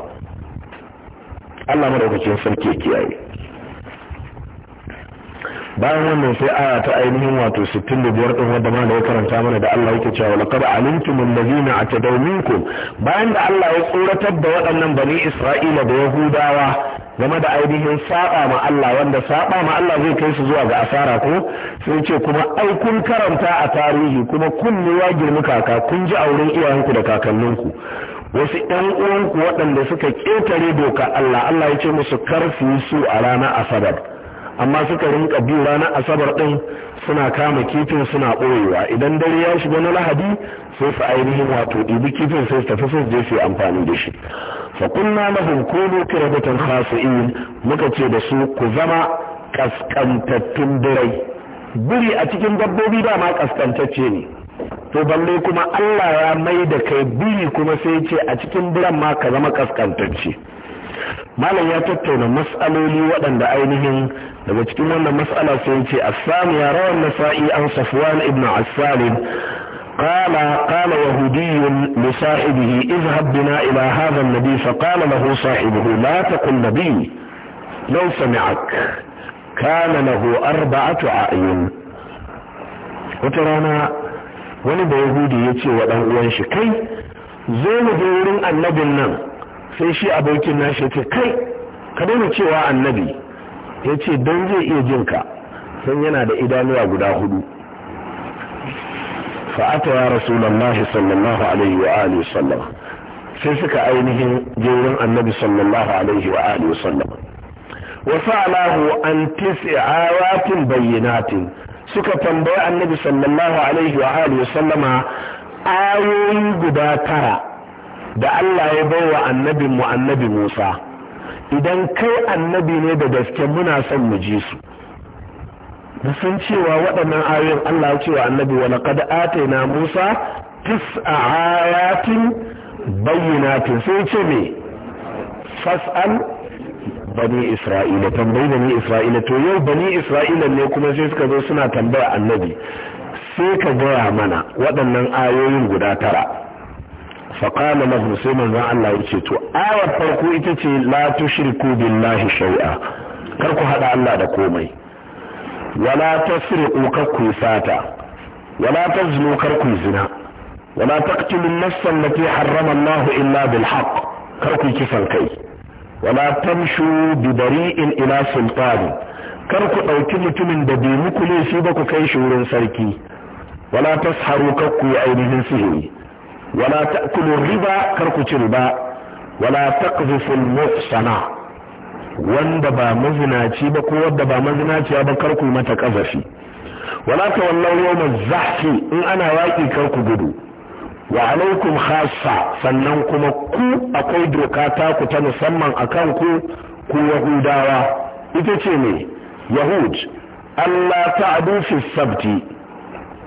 Allah madaukakin sarki kiyaye bayan wannan sai aya ta ainihin wato 65 din wanda ma da ya karanta mana da Allah yake cewa laqad alimtum allazina atadaw minkum bayan da Allah ya tsoratar da waɗannan bani Isra'ila da Yahudawa game da ainihin saba ma Allah wanda saba ma Allah zai kai su zuwa ga asara ko sai ce kuma ai kun karanta a tarihi kuma kun ne ya girmi kaka kun ji a wurin iyayenku da kakanninku wasu ɗan uwanku waɗanda suka ƙetare doka Allah Allah ya ce musu kar su yi su a ranar asabar amma suka rinka biyu ranar asabar ɗin suna kama kifin suna ɓoyewa idan dare ya shiga na lahadi sai su ainihin wato ɗibi kifin sai su tafi sai je su yi amfani da shi fa kunna lahum kunu kiradatan khasi'in muka ce da su ku zama kaskantattun birai biri a cikin dabbobi dama kaskantacce ne to balle kuma Allah ya mai da kai biri kuma sai ce a cikin biran ma ka zama kaskantacce malam ya tattauna mas'aloli waɗanda ainihin daga cikin wannan mas'ala sai ce as-sami ya rawan nasa'i an safwan ibn as-salim قال قال يهودي لصاحبه اذهب بنا إلى هذا النبي فقال له صاحبه لا تقل نبي لو سمعك كان له أربعة عائن وترانا wani da yahudi ya ce wa uwan shi kai zo mu je wurin annabin nan sai shi abokin nashi ce kai ka daina cewa annabi ya ce don zai iya jinka sun yana da idanuwa guda hudu fa'ata ya rasulullahi sallallahu alaihi wa alihi sallam sai suka ainihin jerin annabi sallallahu alaihi wa alihi sallam wa sa'alahu an tis'awatin bayyinatin suka tambayi annabi sallallahu alaihi wa alihi sallama ayoyi guda tara da Allah ya bai wa annabin mu annabi Musa idan kai annabi ne da gaske muna son mu ji su san cewa waɗannan ayoyin Allah ya ce wa annabi wa laqad atayna Musa tis'a ayatin bayyinatin sai ce me fas'al bani Isra'ila tambayi bani Isra'ila to yau bani Isra'ila ne kuma sai suka zo suna tambaya annabi sai ka gaya mana waɗannan ayoyin guda tara faƙala lahu sai manzon Allah ya ce to ayar farko ita ce la tushriku billahi shay'a kar ku haɗa Allah da komai ولا تسرقوا كركم ساتا ولا تزنوا كركم زنا ولا تقتلوا النفس التي حرم الله الا بالحق كركم كفن كي ولا تمشوا ببريء الى سلطان كركم او كل من دبيمك ليصيبك كي شعور سركي ولا تسحروا كركم عين من سهي ولا تاكلوا الربا كركم الربا ولا تقذفوا المحصنات wanda ba mazinaci ba ko wanda ba mazinaciya ba karku mata kazafi wala ta wallau yawma zahfi in ana waki karku gudu wa alaikum khassa sannan kuma ku akwai doka ta ku ta musamman akan ku ku yahudawa ita ce ne yahud Allah ta'adu fi sabti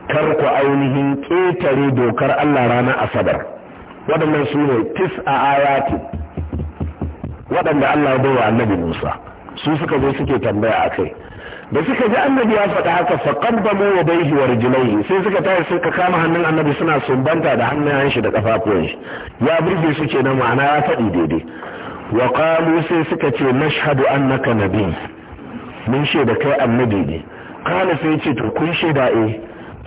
kar ku ainihin ƙetare dokar Allah ranar asabar waɗannan su ne tis a ayatin waɗanda Allah ya baiwa annabi Musa su suka zo suke tambaya a kai da suka ji annabi ya faɗa haka fa qaddamu bayhi wa rijlaihi sai suka tayar suka kama hannun annabi suna sumbanta da hannayen shi da kafafuwan shi ya burge su kenan ma'ana ya faɗi daidai wa qalu sai suka ce nashhadu annaka nabiy mun shaida kai annabi ne kana sai ce to kun shaida eh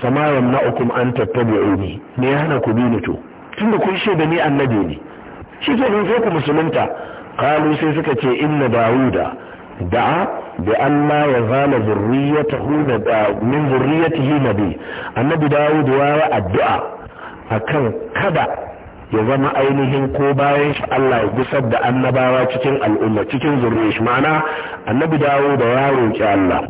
fama yamna'ukum an tattabi'uni me ya hana ku bi ni to tunda kun shaida ni annabi ne shi ke sai ku musulunta qalu sai suka ce inna dauda da'a bi anna ya zala zurriyatahu min zurriyatihi nabi annabi dawud ya addu'a akan kada ya zama ainihin ko bayan shi Allah ya gusar da annabawa cikin al'umma cikin zurriya shi ma'ana annabi dawo da ya roƙi Allah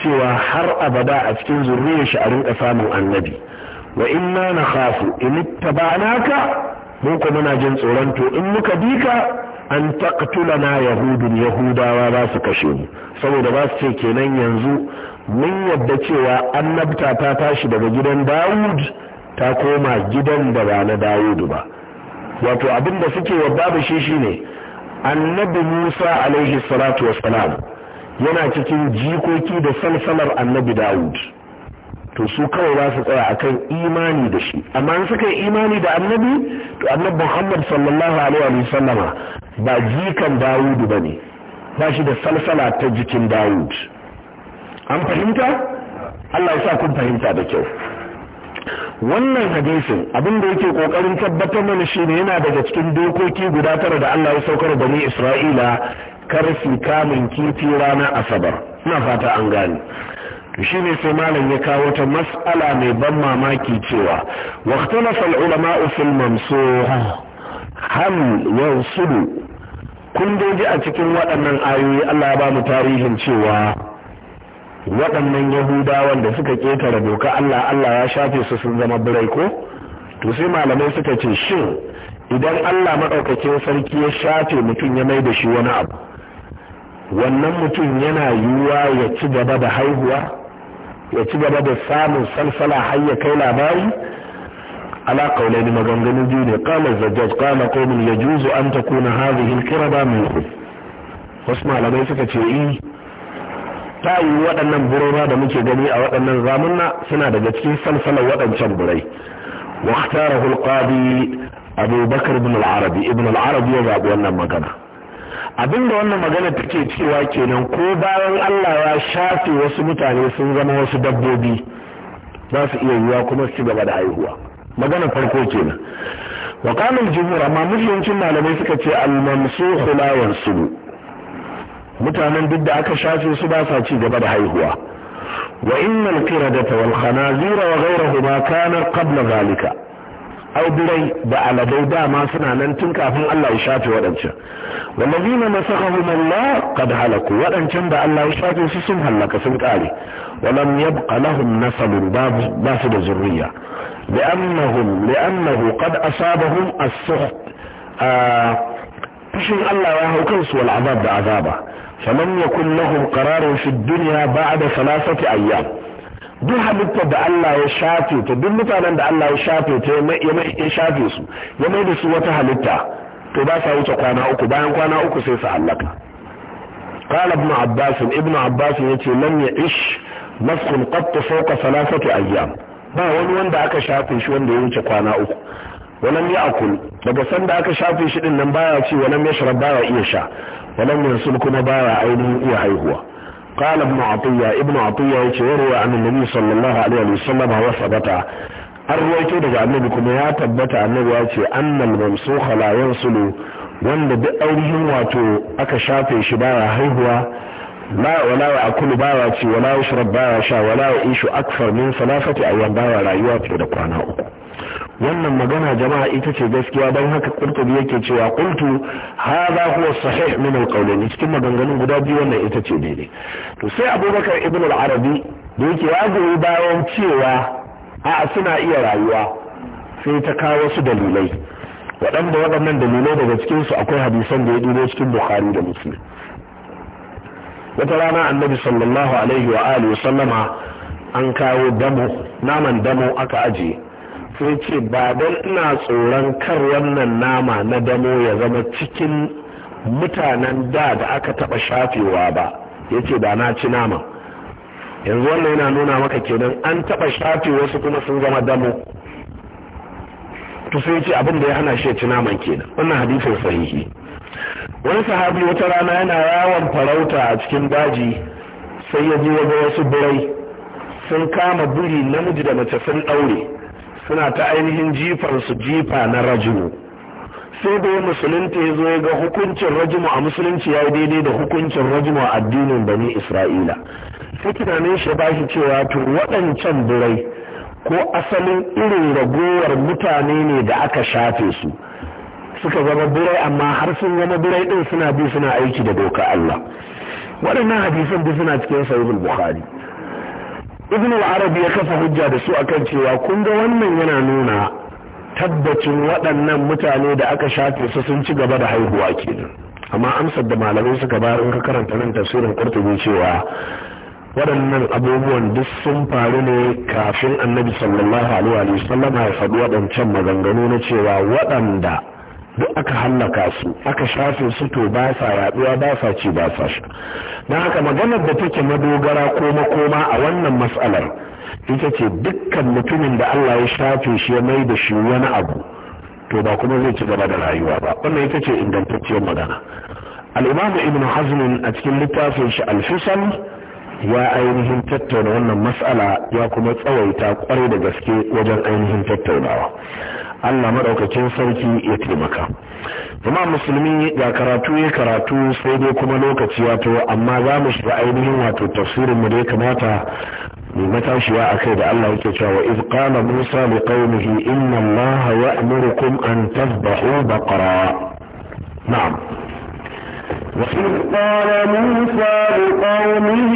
cewa har abada a cikin zurriya shi a rinka samun annabi wa inna na khafu bana ittaba'naka mun ko muna jin tsoron to in muka bi ka an na yahudun yahudawa ba su kashe mu saboda ba su ce kenan yanzu mun yadda cewa annabta ta tashi daga gidan Dawud ta koma gidan da ba na Dawud ba wato abin da suke yadda da shi shine annabi Musa alaihi salatu wassalam yana cikin jikoki da salsalar annabi Dawud to su kawai za su tsaya kan imani da shi amma in suka yi imani da annabi to annabi Muhammad sallallahu alaihi wa sallama ba jikan dawudu ba ne ba shi da salsala ta jikin dawud an fahimta allah ya sa kun fahimta da kyau wannan hadisin abin da yake kokarin tabbatar mana shine yana daga cikin dokoki guda tara da allah ya saukar bani isra'ila kar su kamun kifi ranar asabar ina fata an gane shi sai malam ya kawo ta mas'ala mai ban mamaki cewa waqtalafa al-ulama fil mamsuh hal yansudu kun doji a cikin waɗannan ayoyi Allah ya ba mu tarihin cewa waɗannan yahudawan da suka ƙetare doka Allah Allah ya shafe su sun zama birai ko to sai malamai suka ce shin idan Allah maɗaukakin sarki ya shafe mutum ya mai da shi wani abu wannan mutum yana yiwuwa ya ci gaba da haihuwa ya ci gaba da samun salsala har ya kai labari ala qaulaini maganganun biyu ne qala zajjaj qala qawmun yajuzu an takuna hadhihi al mai minhu wasu malamai suka ce eh ta yi waɗannan burora da muke gani a waɗannan zamunna suna daga cikin salsalar waɗancan burai wa ikhtarahu al ibn al-Arabi ibn al-Arabi ya zaɓi wannan magana abinda wannan magana take cewa kenan ko bayan Allah ya shafe wasu mutane sun zama wasu dabbobi za su iya yiwuwa kuma su ci gaba da haihuwa maganar farko kenan wa qala jumhur amma musulmancin malamai suka ce al-mamsuhu su yansubu mutanen duk da aka shafe su ba sa ci gaba da haihuwa wa inna al wal khanazira wa ghayrahuma kana qabla zalika audurai da aladai dama suna nan tun kafin Allah ya shafe waɗancan wallazina nasakahum Allah qad halaku waɗancan da Allah ya shafe su sun halaka sun kare ولم يبق لهم نسل داخل ذرية لأنهم لأنه قد أصابهم السخط تشن آه، الله راه كنس والعذاب بعذابه فلم يكن لهم قرار في الدنيا بعد ثلاثة أيام دو حبيت دا الله يشافي تو دو متان الله يشافي تو يشافي سو يما دي سو وتا حبيتا تو باسا اوكو باين كوانا اوكو سيسا قال ابن عباس ابن عباس يتي لم يعيش maskun qatta fawqa thalathati ayyam ba wani wanda aka shafe shi wanda ya wuce kwana uku walam ya akul daga sanda aka shafe shi din nan baya ci walam shara baya iya sha walam yansul kuma baya ainihin iya haihuwa قال ابن عطية ابن yaro يروي عن النبي صلى الله عليه وسلم وثبت an ruwaito daga annabi kuma ya tabbata annabi ya ce annal mamsukha la yansulu wanda duk ainihin wato aka shafe shi baya haihuwa لا wala wa akulu bawa ce wala wa shurab bawa sha wala wa ishu akfar min salafati ayyan bawa rayuwa fiye da kwana uku wannan magana jama'a ita ce gaskiya don haka kurtubi yake cewa qultu haza huwa sahih min alqawlayn cikin maganganun guda biyu wannan ita ce daidai to sai abubakar ibn al-arabi da yake ya goyi bayan cewa a suna iya rayuwa sai ta kawo wasu dalilai waɗanda waɗannan dalilai daga cikinsu akwai hadisan da ya dubo cikin bukhari da muslim wata rana annabi sallallahu alaihi wa alihi sallama an kawo damo naman damo aka aje sai ce ba dan ina tsoron kar wannan nama na damo ya zama cikin mutanen da da aka taba shafewa ba yace da na ci nama yanzu wannan yana nuna maka kenan an taba shafe wasu kuma sun zama damo to sai ce abin da ya hana shi ya ci naman kenan wannan hadisin sahihi wani sahabi wata rana yana yawon farauta a cikin daji sai ya ji wani wasu birai sun kama buri namiji da mace sun ɗaure suna ta ainihin jifarsu jifa na rajimu sai da ya musulunta ya zo ga hukuncin rajimu a musulunci ya yi daidai da hukuncin rajimu a addinin bani isra'ila sai tunanin shi ba shi cewa to waɗancan birai ko asalin irin ragowar mutane ne da aka shafe su suka zama birai amma har sun zama birai din suna bi suna aiki da doka Allah waɗannan hadisan duk suna cikin sahihul bukhari ibn al-arabi ya kafa hujja da su akan cewa kun ga wannan yana nuna tabbacin waɗannan mutane da aka shafe su sun ci gaba da haihuwa kenan amma amsar da malamai suka bayar in ka karanta nan tafsirin qurtubi cewa waɗannan abubuwan duk sun faru ne kafin annabi sallallahu alaihi wa sallam ya faɗi waɗancan maganganu na cewa waɗanda duk aka hallaka su aka shafe su to ba sa yaduwa ba sa ci ba sa sha don haka maganar da take madogara ko makoma a wannan matsalar ita ce dukkan mutumin da Allah ya shafe shi ya mai da shi wani abu to ba kuma zai ci gaba da rayuwa ba wannan ita ce ingantacciyar magana al'imamu ibn hazmin a cikin littafin shi alfisal ya ainihin tattauna wannan matsala ya kuma tsawaita kwarai da gaske wajen ainihin tattaunawa Allah maɗaukakin sarki ya taimaka. Zama musulmi ga karatu ya karatu sai dai kuma lokaci ya to amma za mu shiga ainihin wato tafsirin mu da ya kamata mu matashiya a kai da Allah yake cewa iz qala Musa li qaumihi inna Allah ya'murukum an tadhbahu baqara. Na'am. وإذ قال موسى لقومه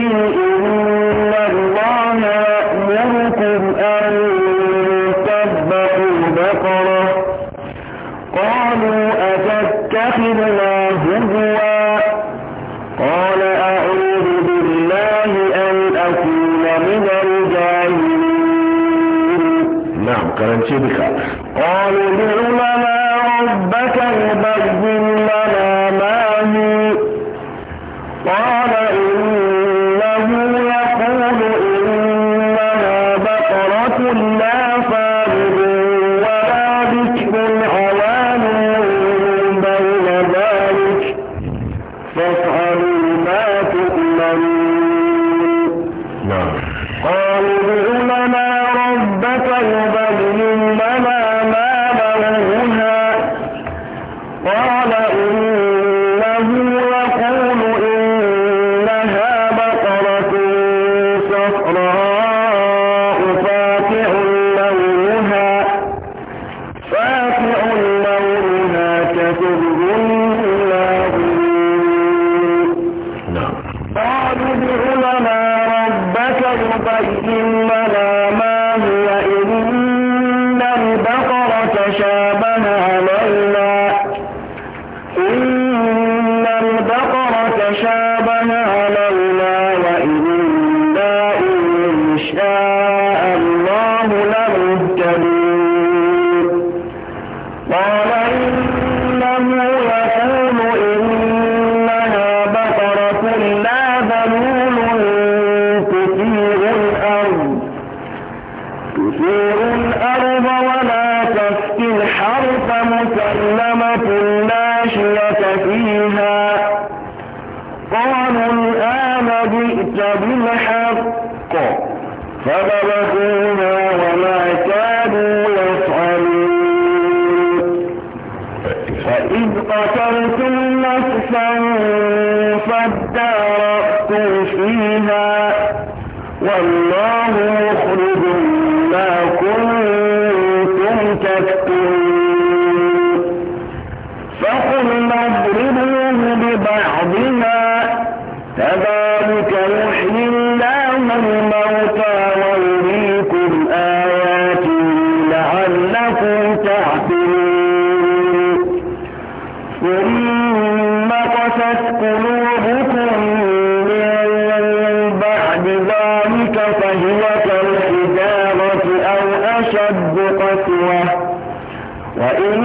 فإن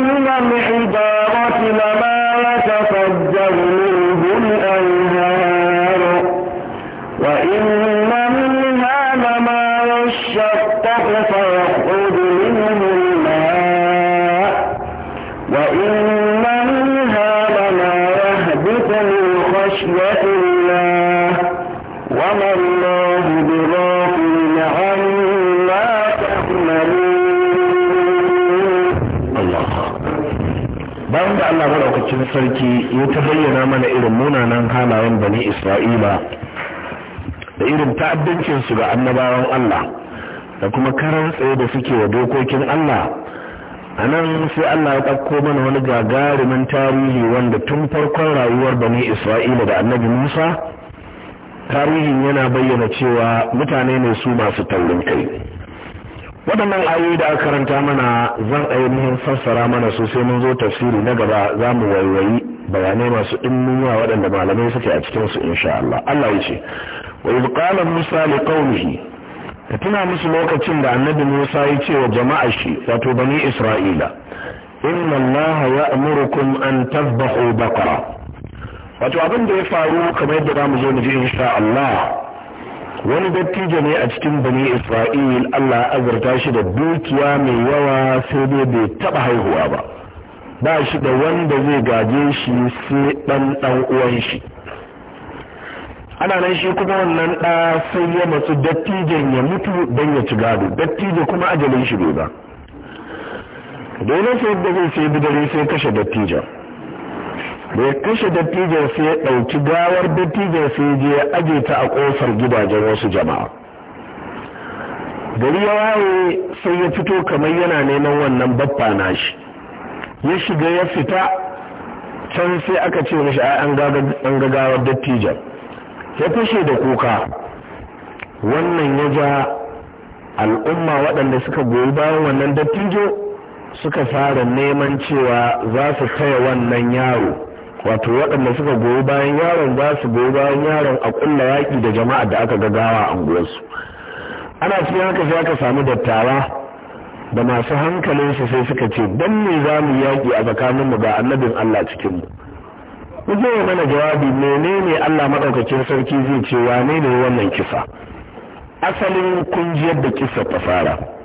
من الحجارة لما يتفجر منه sarki ya ta bayyana mana irin munanan halayen bani isra'ila da irin su ga annabawan Allah da kuma karan tsaye da suke wa dokokin Allah a nan sai Allah ya ɗauko mana wani gagarumin tarihi wanda tun farkon rayuwar bani isra'ila da annabi musa tarihin yana bayyana cewa mutane ne su masu taurin kai waɗannan ayoyi da aka karanta mana zan ainihin fassara mana su sai mun zo tafsiri na gaba za mu waiwayi bayanai masu ɗimbin waɗanda malamai suke a cikin su insha Allah Allah ya ce wa iz qala musa li qaumihi ka tuna musu lokacin da annabi Musa ya ce wa jama'a shi wato bani Isra'ila inna Allah ya'murukum an tadhbahu baqara wato abin da ya faru kamar yadda zamu zo mu ji insha Allah wani dattijo ne a cikin bani isra'il allah azurta shi da dukiya mai yawa sai dai bai taba haihuwa ba ba shi da wanda zai gaje shi sai dan dan uwan shi ana nan shi kuma wannan ɗa sai ya matsu dattijon ya mutu don ya ci gado dattijo kuma ajalin shi bai ba dole sai da zai sai bidare sai kashe dattijon da ya kashe dattijan sai ya ɗauki gawar dattijan sai ya je ya aje ta a ƙofar gidajen wasu jama'a gari ya waye sai ya fito kamar yana neman wannan baffa na shi. ya shiga ya fita can sai aka ce mashi ai an ga gawar dattijan ya kashe da kuka wannan ya ja al'umma waɗanda suka goyi bayan wannan dattijo suka fara neman cewa za su taya wannan yaro wato waɗanda suka goyi bayan yaron za su goyi bayan yaron a ƙulla yaƙi da jama'a da aka gagawa a unguwarsu ana cikin haka sai aka samu dattawa da masu su sai suka ce don me za mu yaƙi a tsakanin mu ga annabin Allah cikin mu je mana jawabi menene Allah maɗaukacin sarki zai ce wane ne wannan kisa asalin kun da da kisa ta fara